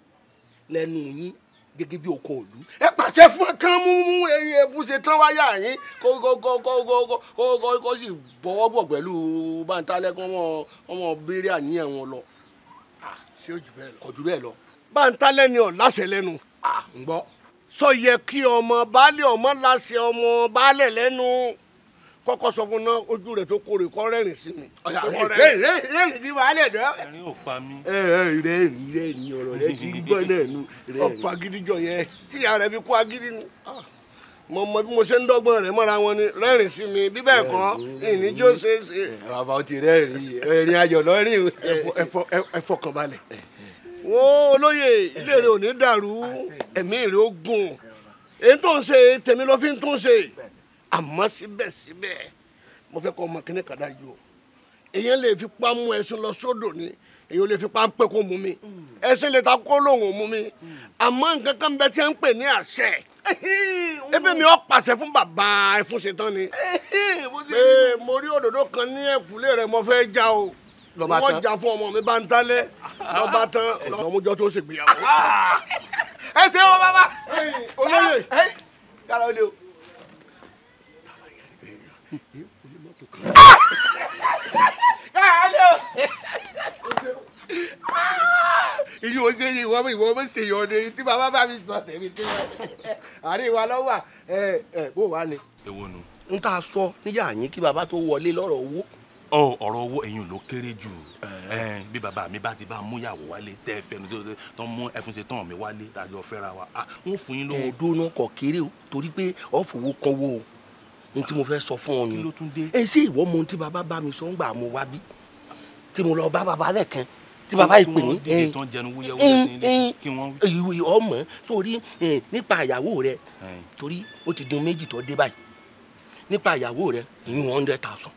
lẹ́nu yín gẹ́gẹ́ bí oko òlu ẹ pàṣẹ fún kán mú mú eye fúnṣe tán wáyà yín kó kó kó kó kó kó kó kó sì bọ́wọ́ bọ̀ pẹ̀lú bántálẹ́kọ́ wọn ọmọ bèrè àníyàn wọn lọ. ṣé o jù lọ. kò jù lọ. bántálẹ́ ni ọ̀ láṣẹ lẹ́nu. ń gbọ́. sọ yẹ kí ọmọ baálé ọmọ láṣẹ ọmọ baálẹ̀ lẹ́nu kọ́kọ́ sọ fún náà ojú rẹ̀ tó kórè kọ́ rẹ́rìn sí mi. rẹ́rìn sí wàhálẹ̀ dọ́. ẹ̀rín ò pa mí. rẹ́rìn rẹ́rìn ọ̀rọ̀ rẹ̀ kì í gbọ́ náà nu. ọ̀pọ̀ agídíjọ yẹn tíya rẹ̀ fi kó agídí nu. Ah, mo mọ bí mo ṣe ń dọ́gbọ́n rẹ̀ mọ́ra wọn ni rẹ́rìn sí mi bí kọ́ ìníjó ṣe é ṣe. bàbá o ti rẹ́rìn ẹ̀rín ayọ̀ lọ́rìn. ẹ wo olóyè ilé rẹ̀ ò ní dàrú ẹ̀mí rẹ̀ ó gùn èyí tó ń ṣe tèmi ló fi ń tún ṣe àmọ́ síbẹ̀síbẹ̀ mo fẹ́ kọ́ ọmọ kíní kan dájú o èyàn lè fi pa mú ẹṣin lọ sódò ni èyàn lè fi pa ń pè kó mú mi ẹṣin lè ta kó lòun ò mú mi àmọ́ nǹkan kan bẹ tí ń pè ní àṣẹ ebi mi ọ pàṣẹ fún bàbá ẹfúnṣetán ni pé mo rí òdòdó kan ní ẹ̀kúlé rẹ̀ mo fẹ́ já o wọ́n jà fún ọmọ mi bá ń tálẹ́ lọ́ba tán lọ́mújọ́ tó ṣègbéyàwó. Ah! ẹ ṣe wọn bàbá. olóyè. yàrá olè o ìlú ò ṣe yí ìwọ ìwọ ọmọ ṣe yọ ọdẹ tí bàbá bá mi sọ tẹ̀mí tí wọ́n àárín wa lọ́wọ́ ẹ ẹ bó wà ni. èwo nu. n ta sọ níyà yín kí bàbá tó wọlé lọ́rọ̀ owó. ọ ọ̀rọ̀ owó ẹ̀yin ló kéré jù bí bàbá mi bá ti bá múyàwó wálé tẹ ẹ fẹnu tó mú ẹfúnṣe tán mi wálé tàjọ fẹ́ra wa n fún yín lówó. ẹ dóná kọ kéré o torí pé ọ̀fọ̀wọ́ kan wo o ní tí mo fẹ́ sọ fún ọ ni ẹ sí ìwọ mo ti bàbá bá mi sọ ń gbà mo wá bí tí mo lọ bá bàbá lẹ́ẹ̀kan tí bàbá yìí pè mí ìwé ọmọ sórí nípa ìyàwó rẹ torí ó ti dun méjì tó dé báyìí nípa ìyàwó rẹ ìyún hundred thousand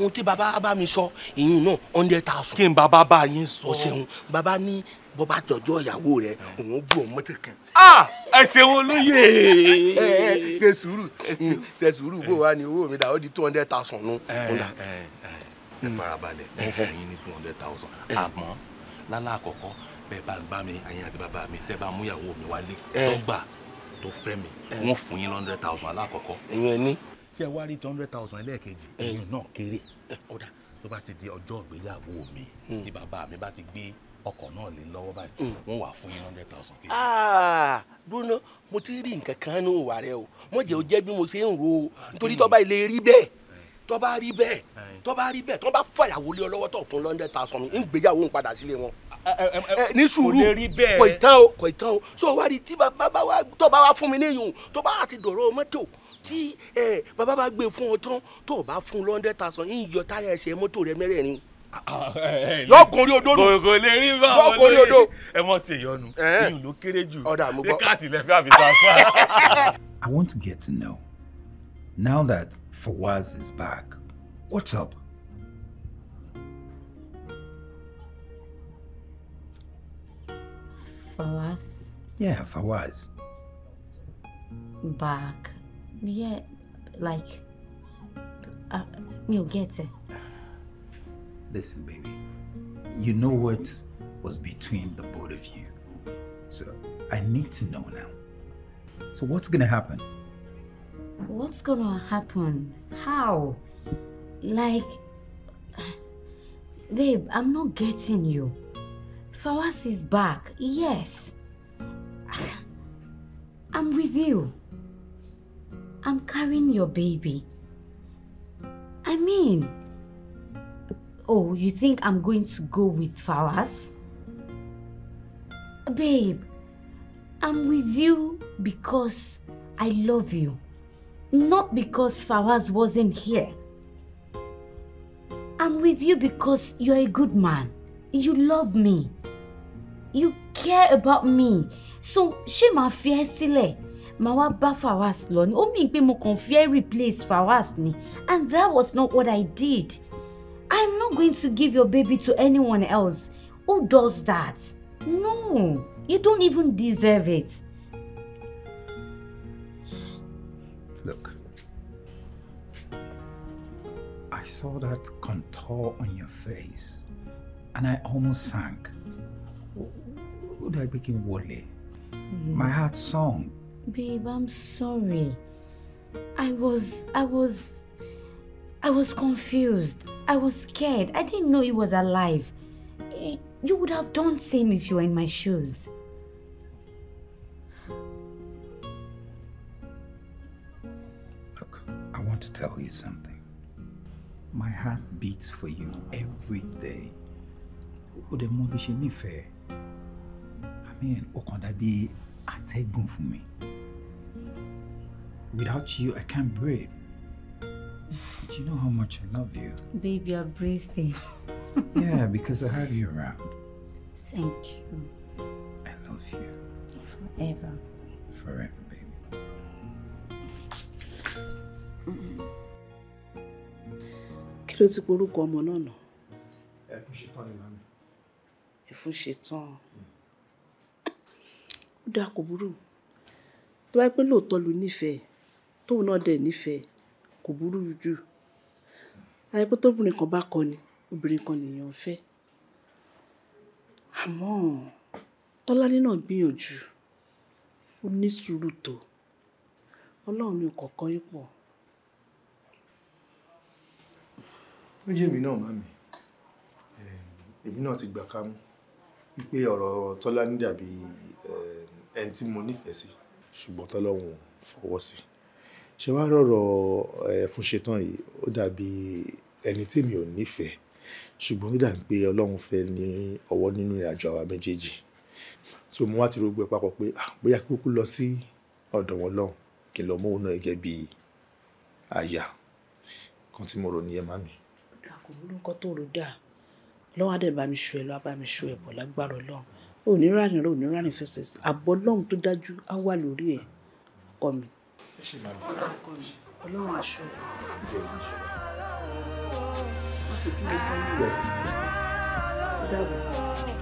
ohun tí bàbá bá mi sọ ìyún náà hundred thousand. kí n bàbá bá yín sọ. o ṣeun bàbá ní bó bá tọjọ ìyàwó rẹ òun bú òun mọ́tò kan. ẹ ṣeun olóye. ẹ ẹ ṣe sùúrù ṣe sùúrù bó wà ní owó mi da ó di two hundred thousand nù. ẹ ẹ farabalẹ̀ ẹ fún yín ní two hundred thousand àmọ́ lálẹ́ àkọ́kọ́ bẹ́ẹ̀ bá gbá mi àyìn àti bàbá mi tẹ́ bá mú ìyàwó mi wálé lọ́gbà tó fẹ́ mi wọ́n fún yín hundred thousand alákọ̀ọ́kọ́. ìyẹn ni. ṣé ẹ wá rí two hundred thousand ẹlẹ́ẹ̀kejì ẹ̀yìn náà kéré ọ̀dà tó bá ti di ọjọ́ ìgbéyàwó mi ni hm. bàbá mi bá ti gbé ọkọ̀ náà lè lọ́wọ́ báyìí hmm. wọ́n wà fún yín hundred thousand. dúró ah, mo ti rí nǹkan kan ní òwà rẹ o mo jẹ́ o jẹ́ bí mo ṣe ń ro nítorí tọ́ba ilé rí bẹ́ẹ̀ tọ́ba rí bẹ́ẹ̀ tọ́ba rí bẹ́ẹ̀ tọ́ba fàyàwó lé ọlọ́wọ́ tó fún hundred thousand mi ń gbéyàwó ń padà sílé wọn eh, eh, eh, ní sùúrù kò ìtàn o kò ìtàn o so wá rí tí bàbá wa tó bá wa fún mi níyùn tó bá ti dọ̀rọ̀ mọ́tò tí bàbá bá gbé fún ọ tán tó fún lọ́ndẹ̀ tàṣán yín yọ táyà ẹsẹ̀ mọ́tò rẹ mẹ́rẹ̀ẹ̀rin yọ kori odo nu kò lè rí bá yọ kori ẹ mọ sí ìyọnu ìyún ló kéré jù ní káàsì lẹfẹ àbí sáfà. (laughs) I want to get to know now that Fawaz is back what's up. Fawaz. Yeah, Fawaz. Back. Yeah, like, uh, mi ò get it. listen, baby, you know what was between the both of you. So I need to know now. So what's gonna happen? What's gonna happen? How? Like, babe, I'm not getting you. Fawaz is back, yes. I'm with you. I'm carrying your baby. I mean, oh, you think I'm going to go with Fawaz? Babe, I'm with you because I love you. Not because Fawaz wasn't here. I'm with you because you're a good man. You love me. You care about me. So, ṣé màá fi sílẹ̀? Màá wá bá Fawaz lọ ni. Ó mo kon fi replace Fawaz ni. And that was not what I did. I'm not going to give your baby to anyone else. Who does that? No, you don't even deserve it. Look. I saw that contour on your face and I almost sank. did I begin Wole? Hmm. My heart song. Babe, I'm sorry. I was, I was, I was confused. I was scared. I didn't know he was alive. Eh, you would have done same if you were in my shoes. Look, I want to tell you something. My heart beats for you every day. Odemo bi ṣe nífẹ̀ẹ́. I mean, ó be dà bí atẹ́gùn fún me. Without you, I can't breathe. Do you know how much I love you? Babe, you're breathing. (laughs) yeah, because I have you around. Thank you. I love you. Forever. Forever, baby. Kí ló ti porúkọ ọmọ náà nà? Ẹ̀fún ṣetán ni màmí. Ẹ̀fún ṣetán. Hmm. Ó dáa kò burú. Tó bá pẹ́ lóòótọ́ lu nífẹ̀ẹ́, tóun náà dẹ̀ nífẹ̀ẹ́ kò burú jù. A rí pé tóbìnrin kan bá kọni, obìnrin kan lèèyàn ń fẹ́. Àmọ́ Tọ́lání náà gbìyànjú, ó ní sùúrù tó. Ọlọ́run ni ò kọ̀kan yín pọ̀. Ó yé mi náà màámi. Èmi náà ti gbà kámú wípé ọ̀rọ̀ Tọ́lání dàbí ẹni tí mo nífẹ̀ẹ́ sí ṣùgbọ́n tọ́lọ́run fọwọ́ sí i ṣe wá rọ̀rọ̀ ẹ̀fún ṣetán yìí ó dàbí ẹni tí mi ò nífẹ̀ẹ́ ṣùgbọ́n ó dàbí pé ọlọ́run fẹ́ ní ọwọ́ nínú ìrìnàjò àwa méjèèjì so mo wá ti rògbò ẹ papọ̀ pé ah, bóyá kúkú lọ sí ọ̀dọ̀ wọn lọ́hùn kí n lọ mú òun náà gẹ́gẹ́ bí àyà kan tí mo rò nìyẹn má mi. àkòrò nǹkan tó rò dáa lọ́wọ́ adé bá mi ṣu ẹ lọ́wọ́ bá mi ṣu ẹ bọ̀ lágbára ọlọ́run onírànìrò onírànìfẹsẹ̀ àbọ̀ ọlọ́run tó dájú á wà lórí ẹ̀ kọ́ mi ẹ ṣe máa lọ. ọlọ́run aṣọ. ìjẹ́ ti ṣe. má fojú mi sọ́yìn. ó dàbọ̀.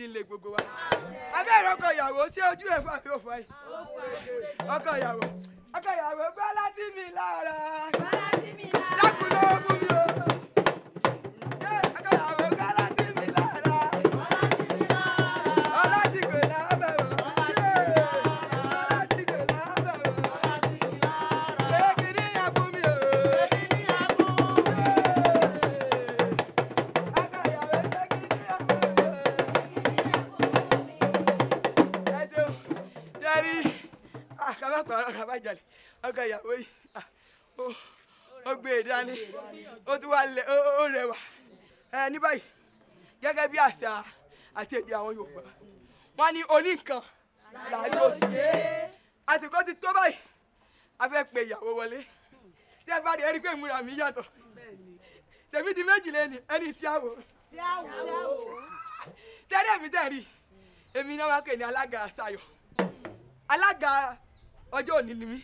dínlé gbogbo wa. abẹ́rẹ́ ọkọ ìyàwó ṣé ojú ẹ̀ fà yóò fà yìí. ọkọ ìyàwó ọkọ ìyàwó gbọ́ láti mi lára. pàrọ̀ Àbájálẹ̀ ọkọ ìyàwó yìí ah, ó gbé e dání ó tún wá lẹ ó rẹwà ní báyìí gẹ́gẹ́ bí àṣà àti èdè àwọn Yorùbá wọ́n ní oníkan làjọ ṣe àsìkò ti tó báyìí a fẹ́ pe ìyàwó wọlé tí ẹ bá rí ẹ ìmúra mi yàtọ̀ tèmi di méjì lẹ́ni ẹni sí tẹ́lẹ̀ mi tẹ̀ rí èmi náà wá pè ní alága àṣàyọ̀ alága ọjọ́ òní ni mí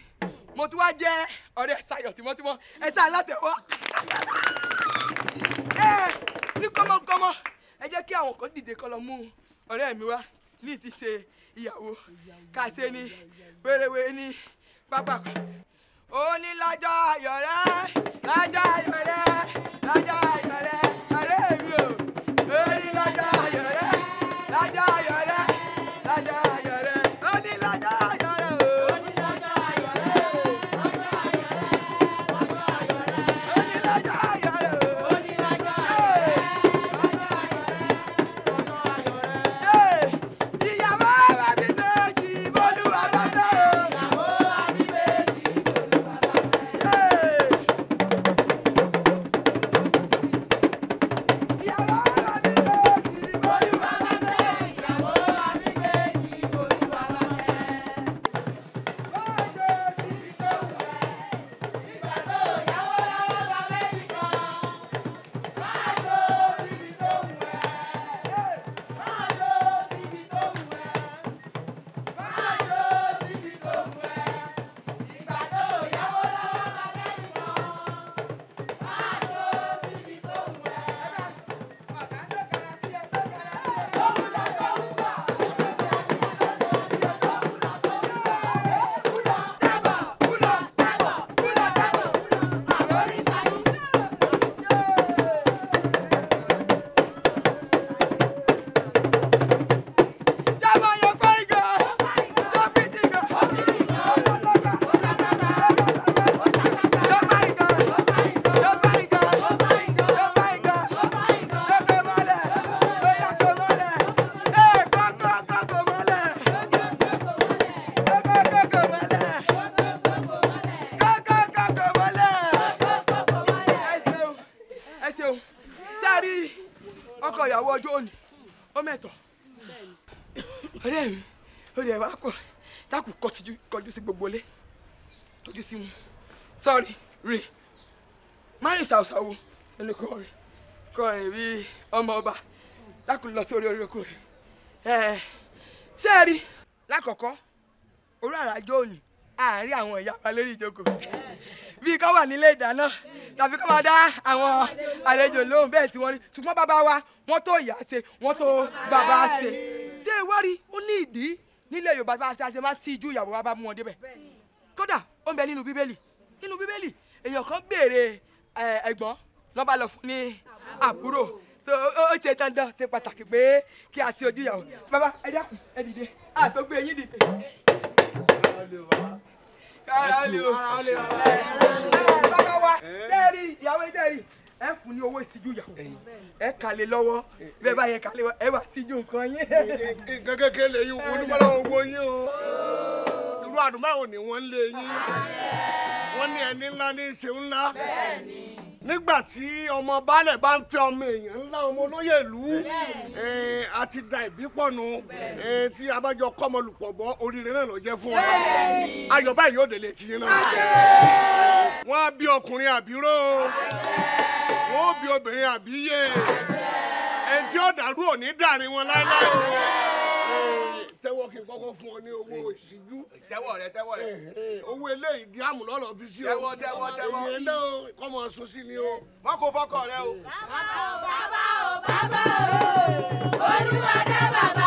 mo tún wá jẹ́ ọ̀rẹ́ Ṣayọ̀ tímọ́tímọ́ ẹ sá látẹ̀wọ́ ẹ ní kọ́mọ́kọ́mọ́ ẹ jẹ́ kí àwọn kan dìde kọ́ lọ mú ọ̀rẹ́ mi wá ní ti ṣe ìyàwó kàṣe ni wérewère ní pápákọ̀. ó ní lọ́jọ́ ayọ̀ rẹ̀ lọ́jọ́ ayọ̀ rẹ̀ lọ́jọ́ ayọ̀ rẹ̀. kọrin kọrin bí ọmọ ọba lákùn lọ sórí orí oko ẹ ṣé ẹ rí lákọ̀ọ́kọ́ orí àràjọ òní àárín àwọn ìyá wa lórí ìjókòó bíi ká wà nílé ìdáná tàbí ká máa dá àwọn àlejò lóhùn bẹ́ẹ̀ tí wọ́n rí ṣùgbọ́n bàbá wa wọ́n tó ìyá ṣe wọ́n tó bàbá ṣe ṣé ẹ wá rí ó ní ìdí nílẹ̀ Yorùbá bá a ṣe máa sí ìjú ìyàwó wa bá mú wọn débẹ̀ kódà ó ń bẹ nínú Bíbélì nínú Bíbélì èèyàn kan béèrè ẹ̀gbọ́n lọ́ba lọ fún ní àbúrò ó ṣe dandan ṣe pàtàkì pé kí a ṣe ojú ìyàwó bàbá ẹ dákun ẹ dìde àtọ́gbé yín dìde. kára ó lè wá kára ó lè wá. ẹ bàbá wa tẹ́rì ìyàwó tẹ́rì ẹ fún ní owó ìṣíjú ìyàwó ẹ kàlẹ̀ lọ́wọ́ bẹ́ẹ̀ bá yẹ kàlẹ̀ ẹ wà síjú nǹkan yín. nǹkan kékeré lè yín olúmọlá owó yín o irú àdúmọ̀ ò ní wọ́n lé yín wọ́n ní ẹni ńlá ní í ṣe ńlá. bẹ́ẹ̀ ni nígbà tí ọmọ baálẹ̀ bá ń fẹ́ ọmọ èèyàn ńlá ọmọ olóyè ìlú àti da ìbípọ̀nù tí abájọ kọ́mọ lùpọ̀bọ oríire náà ló jẹ́ fún wa ayọ̀ báyìí yóò délé tiyín náà wọ́n á bí ọkùnrin àbíró wọ́n ó bí obìnrin àbíyè ẹni tí ó dàrú ò dàrin wọn láéláé tẹ́wọ́ kí n kọ́kọ́ fún ọ ní owó ìṣíjú. tẹ́wọ́ rẹ tẹ́wọ́ rẹ. Eh, eh, owó eléyìí di àmúlọ́lọ́ bí sí o. tẹ́wọ́ tẹ́wọ́ tẹ́wọ́. èyí lé o kọ́ mọ sun sí ni o. wọn kò fọkọ rẹ o. bàbá o bàbá o bàbá o olúwa dá bàbá.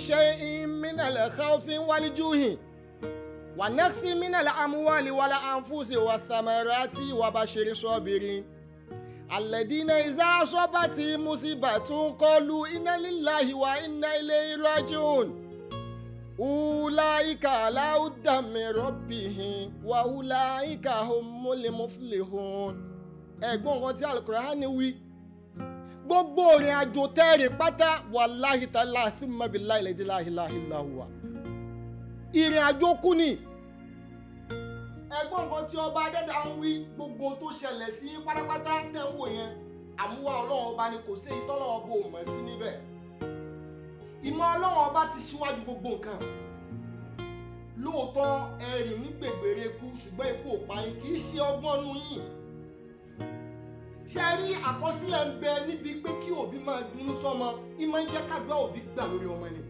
بشيء من الخوف والجوع ونقص من الأموال والأنفس والثمرات وبشر الصابرين الذين إذا أصابتهم مصيبة قالوا إنا لله وإنا إليه راجعون أولئك على هدى من ربهم وأولئك هم المفلحون ẹ̀gbọ́n nǹkan tí Al-Qur'ani wí gbogbo òrìn àjò tẹ́rìn pátá wallahi taala thumma billahi la ilaha illa huwa ìrìn àjò kú ni ẹgbọ́n nǹkan tí ọba adẹ́dá ń wí gbogbo tó ṣẹlẹ̀ sí pátápátá tẹ̀ ń wò yẹn àmúwá ọlọ́run ọba ni kò sí èyí tọ́lọ́run bò mọ̀ sí níbẹ̀ ìmọ̀ ọlọ́run ọba ti ṣíwájú gbogbo nǹkan lóòótọ́ ẹ̀rìn ní gbègbèrè ikú ṣùgbọ́n ikú ò pa yín kì í ṣe ọgbọ́n nu yín ṣe rí àkọsílẹ̀ ń bẹ níbi pé kí òbí máa dunú sọ́mọ ìmọ̀ ń jẹ́ kádùá òbí gbà lórí ọmọ ni.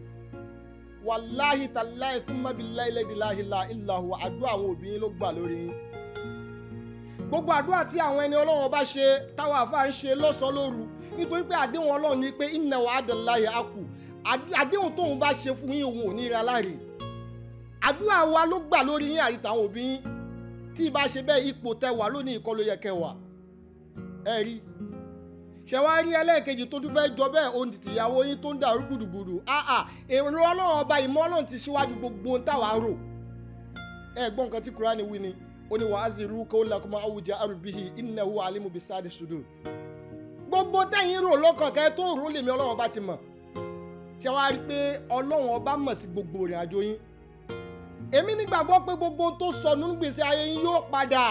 wàláhì tàláì fún mọ́bìláì la ìlàhù àdúrà àwọn òbí yín ló gbà lórí yín. gbogbo àdúrà tí àwọn ẹni ọlọ́run bá ṣe táwọn àfáà ń ṣe lọ́sàn-án lóru nítorí pé àdéhùn ọlọ́run ni pé inna wa'dallahi haqq àdéhùn tóun bá ṣe fún yín òun ò ní ra láre àdúrà ló gbà lórí yín àyíta àwọn òbí yín tí ì bá ṣe bẹ́ẹ̀ ipò tẹwàá lónìí ìkọlù yẹ ẹ rí ṣe wá rí ẹlẹ́ẹ̀kejì tó tún fẹ́ jọ bẹ́ẹ̀ ohun tìtì ìyàwó yín tó ń dàrú gbùdùgbùdù àà èrò ọlọ́run ọba ìmọ̀ ọlọ́run ti ṣíwájú gbogbo ohun táwa ń rò ẹ gbọ́ nǹkan tí kúránì wí ni ó ní wàá zèrú kó lakuma arúbíhì alimu sudu gbogbo tẹ̀yìn rò lọ́kàn kẹ́ tó rò lèmi ti mọ̀ ṣe wá rí pé ọlọ́run gbogbo ìrìn àjò yín èmi nígbàgbọ́ gbogbo tó ayé yín yóò padà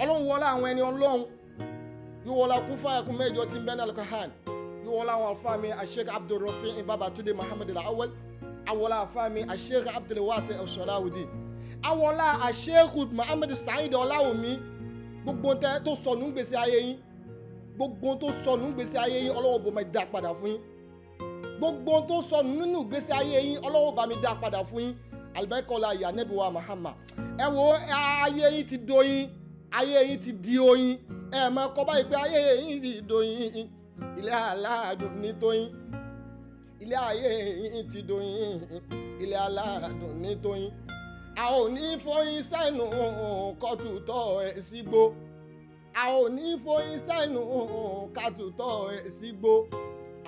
ọlọ́run wọlé àwọn ẹni ọlọ́run yóò wọlé kún fáyàkùn mẹ́jọ tí ń bẹ́ ní alkahan yóò wọlé àwọn afá mi asheik abdulrafi babatunde muhammed awal awọlá afá mi asheik abdulwasi ọ̀ṣọ́láwùdí awọlá asheik muhammed saheed ọláwùmí gbogbo tẹ tó sọnù gbèsè ayé yín gbogbo tó sọnù gbèsè ayé yín ọlọ́wọ́ bò máa dá padà fún yín gbogbo tó sọnù nínú gbèsè ayé yín ọlọ́wọ́ bá mi dá padà fún yín alibẹ́kọ̀ọ́lá ìyá nẹ́bí wa muhammad ẹ wo ayé yín ti do yín ayé yín ti di oyin ẹ mọ kọ báyìí pé ayé yín ti doyin ilé aládùn ní tóyin ilé ayé yín ti doyin ilé aládùn ní tóyin a ò ní fọyín sẹ́nu kọ́tùtọ̀ ẹ̀ sígbó a ò ní fọyín sẹ́nu kàtùtọ̀ ẹ̀ sígbó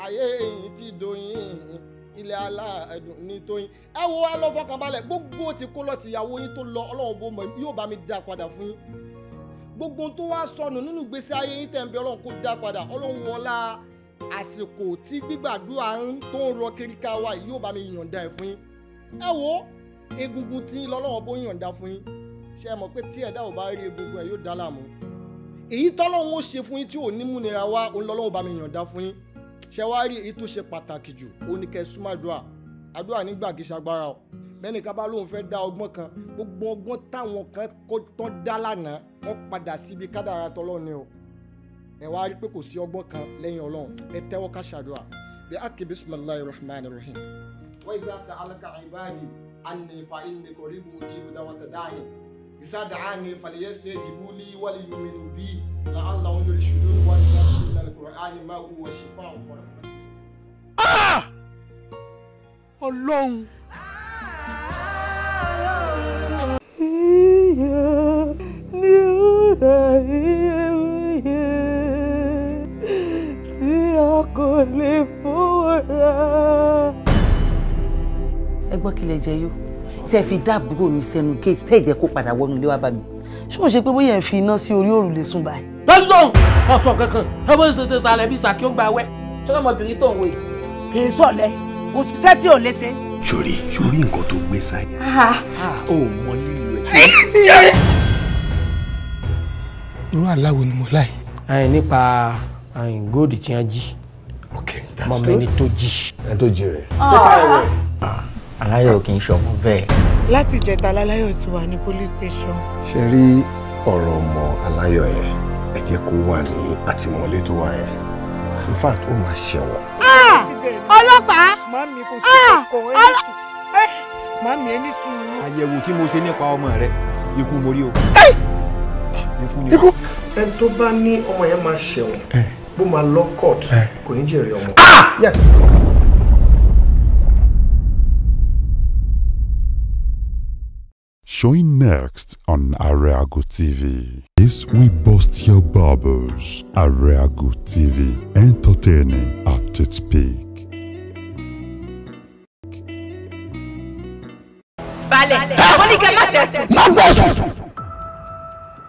ayé yín ti doyin ilé aládùn ní tóyin ẹ wo ẹ lọ fọkànbalẹ̀ gbogbo ti kó lọ tìyàwó yín tó lọ ọlọ́run bó mọ yóò bá mi dá padà fún yín gbogbo tó wá sọnù nínú ìgbésí ayé yín tẹ̀m̀bẹ̀ ọlọ́run kó dá padà ọlọ́run wọlá àsìkò tí gbígbàdúrà tó rọ kiri ká wa yìí yóò bá mi yọ̀ǹda ẹ̀ fún yín ẹ wo egungun tí lọ́lọ́run bó yọ̀ǹda fún yín ṣe é mọ̀ pé tí ẹ̀dá ò bá rí egungun ẹ̀ yóò dá láàmú èyí tọ́lọ́run ó ṣe fún yín tí ò ní múnira wá òun lọ́lọ́run bá mi yọ̀ǹda fún yín ṣe wá rí èyí tó ṣe pàtàkì jù ó àdúrà nígbà kì í ṣagbára o bẹ́ẹ̀ni ká bá lóun fẹ́ dá ọgbọ́n kan gbogbo ọgbọ́n táwọn kan kó tán dá lánàá wọ́n padà síbi kádàrá tọ́lọ́ni o ẹ wá rí pé kò sí ọgbọ́n kan lẹ́yìn ọlọ́run ẹ tẹ́wọ́ ká ṣàdúrà bí a kì rahman rahim. wa iza sa'alaka ibadi anni fa inni qaribu ujibu da'wata da'i iza da'ani falyastajibu li wal yu'minu bi la'allahum yarshudun wa iza qila al-qur'ani ma huwa shifa'un wa rahmatun. Ah! ọlọ́run. ìyá ni ó ra iyebíye tí a kò lè fúnra. ẹ gbọ́ kí lẹ jẹ yó tẹ́ fi dáàbúrò mi sẹ́nu gate tẹ́ ìjẹ́ kó padà wọnú ilé wa bá mi. ṣé o ṣe pé bóyá ẹ fi iná sí orí òrùlé sùn báyìí. lọ́sọ̀n ọ̀sán kankan ẹ bó ṣe ṣe ṣàlẹ̀ bí ṣàkíyàn gba awẹ́. ṣọlọ́mọbìnrin tó ń wò yìí kì í sọ̀lẹ́ kò síṣẹ́ tí ò lè ṣe. sori sori nǹkan tó gbé sáyà ó ah. ah, mọ nílùú ẹ. (laughs) irú aláwo ni mo láì. ẹyin nípa ẹyin góòdì tí wọn jí mọ mi ni tó jí. ẹ tó jí rẹ. Ah. aláyọ̀ kì í ṣọmọ bẹ́ẹ̀. láti ìjẹta aláyọ̀ ti wà ní police station. ṣe rí ọ̀rọ̀ ọmọ aláyọ̀ yẹn ẹ jẹ́ kó wà ní àtìmọ́lé tó wà yẹn in fact ó máa ṣẹ̀wọ̀n. ọlọ́pàá màmí kò sí ọkọ ẹni sùn màmí ẹni sùn. àyẹ̀wò tí mo ṣe nípa ọmọ rẹ ikú mo rí o. ikú ni o. ẹni tó bá ní ọmọ yẹn máa ṣẹ̀wọ̀n eh. bó máa lọ kóòtù eh. kò ní jèrè ọmọ. Ah! yes. Showing next on Areago TV. Yes, we bust your bubbles. Areago TV, entertaining at its peak. balẹ̀ mo ní kẹ́ má tẹ̀sùn. má tẹ̀sùn.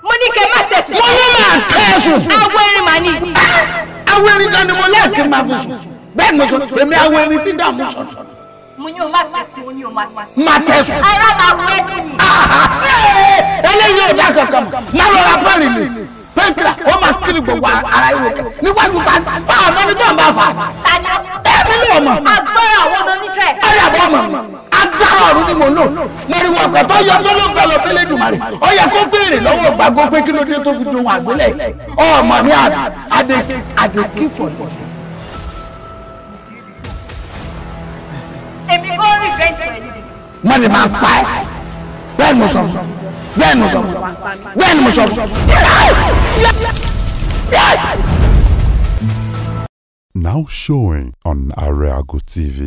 mo ní kẹ́ má tẹ̀sùn. mo ní máa tẹ̀sùn. awo erin màá ní. Ah! awo erin kan ni mo lẹ́ẹ̀kí máa fi sùn bẹ́ẹ̀ mo sọ èmi awo erin tí dààmú sọ̀tọ̀. mo ní o má tẹ̀sùn o ní o má tẹ̀sùn. má tẹ̀sùn. ara máa wẹ́ nínú. Ah! eléyìí ò dá kankan mọ́ lọ́ra pọ́ọ̀lì ni pẹ́ńtìrà wọ́n máa kiri gbogbo ara ìwò kẹ níwájú ta ni báwo lọ ní tó ń bá fà. tani ẹ̀mí ló mọ̀. agbára àwọn ọmọ nífẹ̀ẹ́. ẹ̀rí àbọ̀ mọ̀ agbára ọ̀run ni mo lò mọ̀rìwọ̀ ọ̀kẹ́ tó yọ tó ló ń fẹ́ lọ fẹ́lẹ́ dùmarè ó yẹ kó béèrè lọ́wọ́ gbàgbọ́ pé kí ló dé tó fi dohun àgbélẹ̀ ọmọ mi àdè àdè kí fọ̀dọ̀. èmi kò rí bẹ́ẹ̀ mọ̀ ni máa pa ẹ́ bẹ́ẹ̀ mo sọ bẹ́ẹ̀ mo sọ fún bẹ́ẹ̀ ni mo sọ fún. Now showing on Areago TV.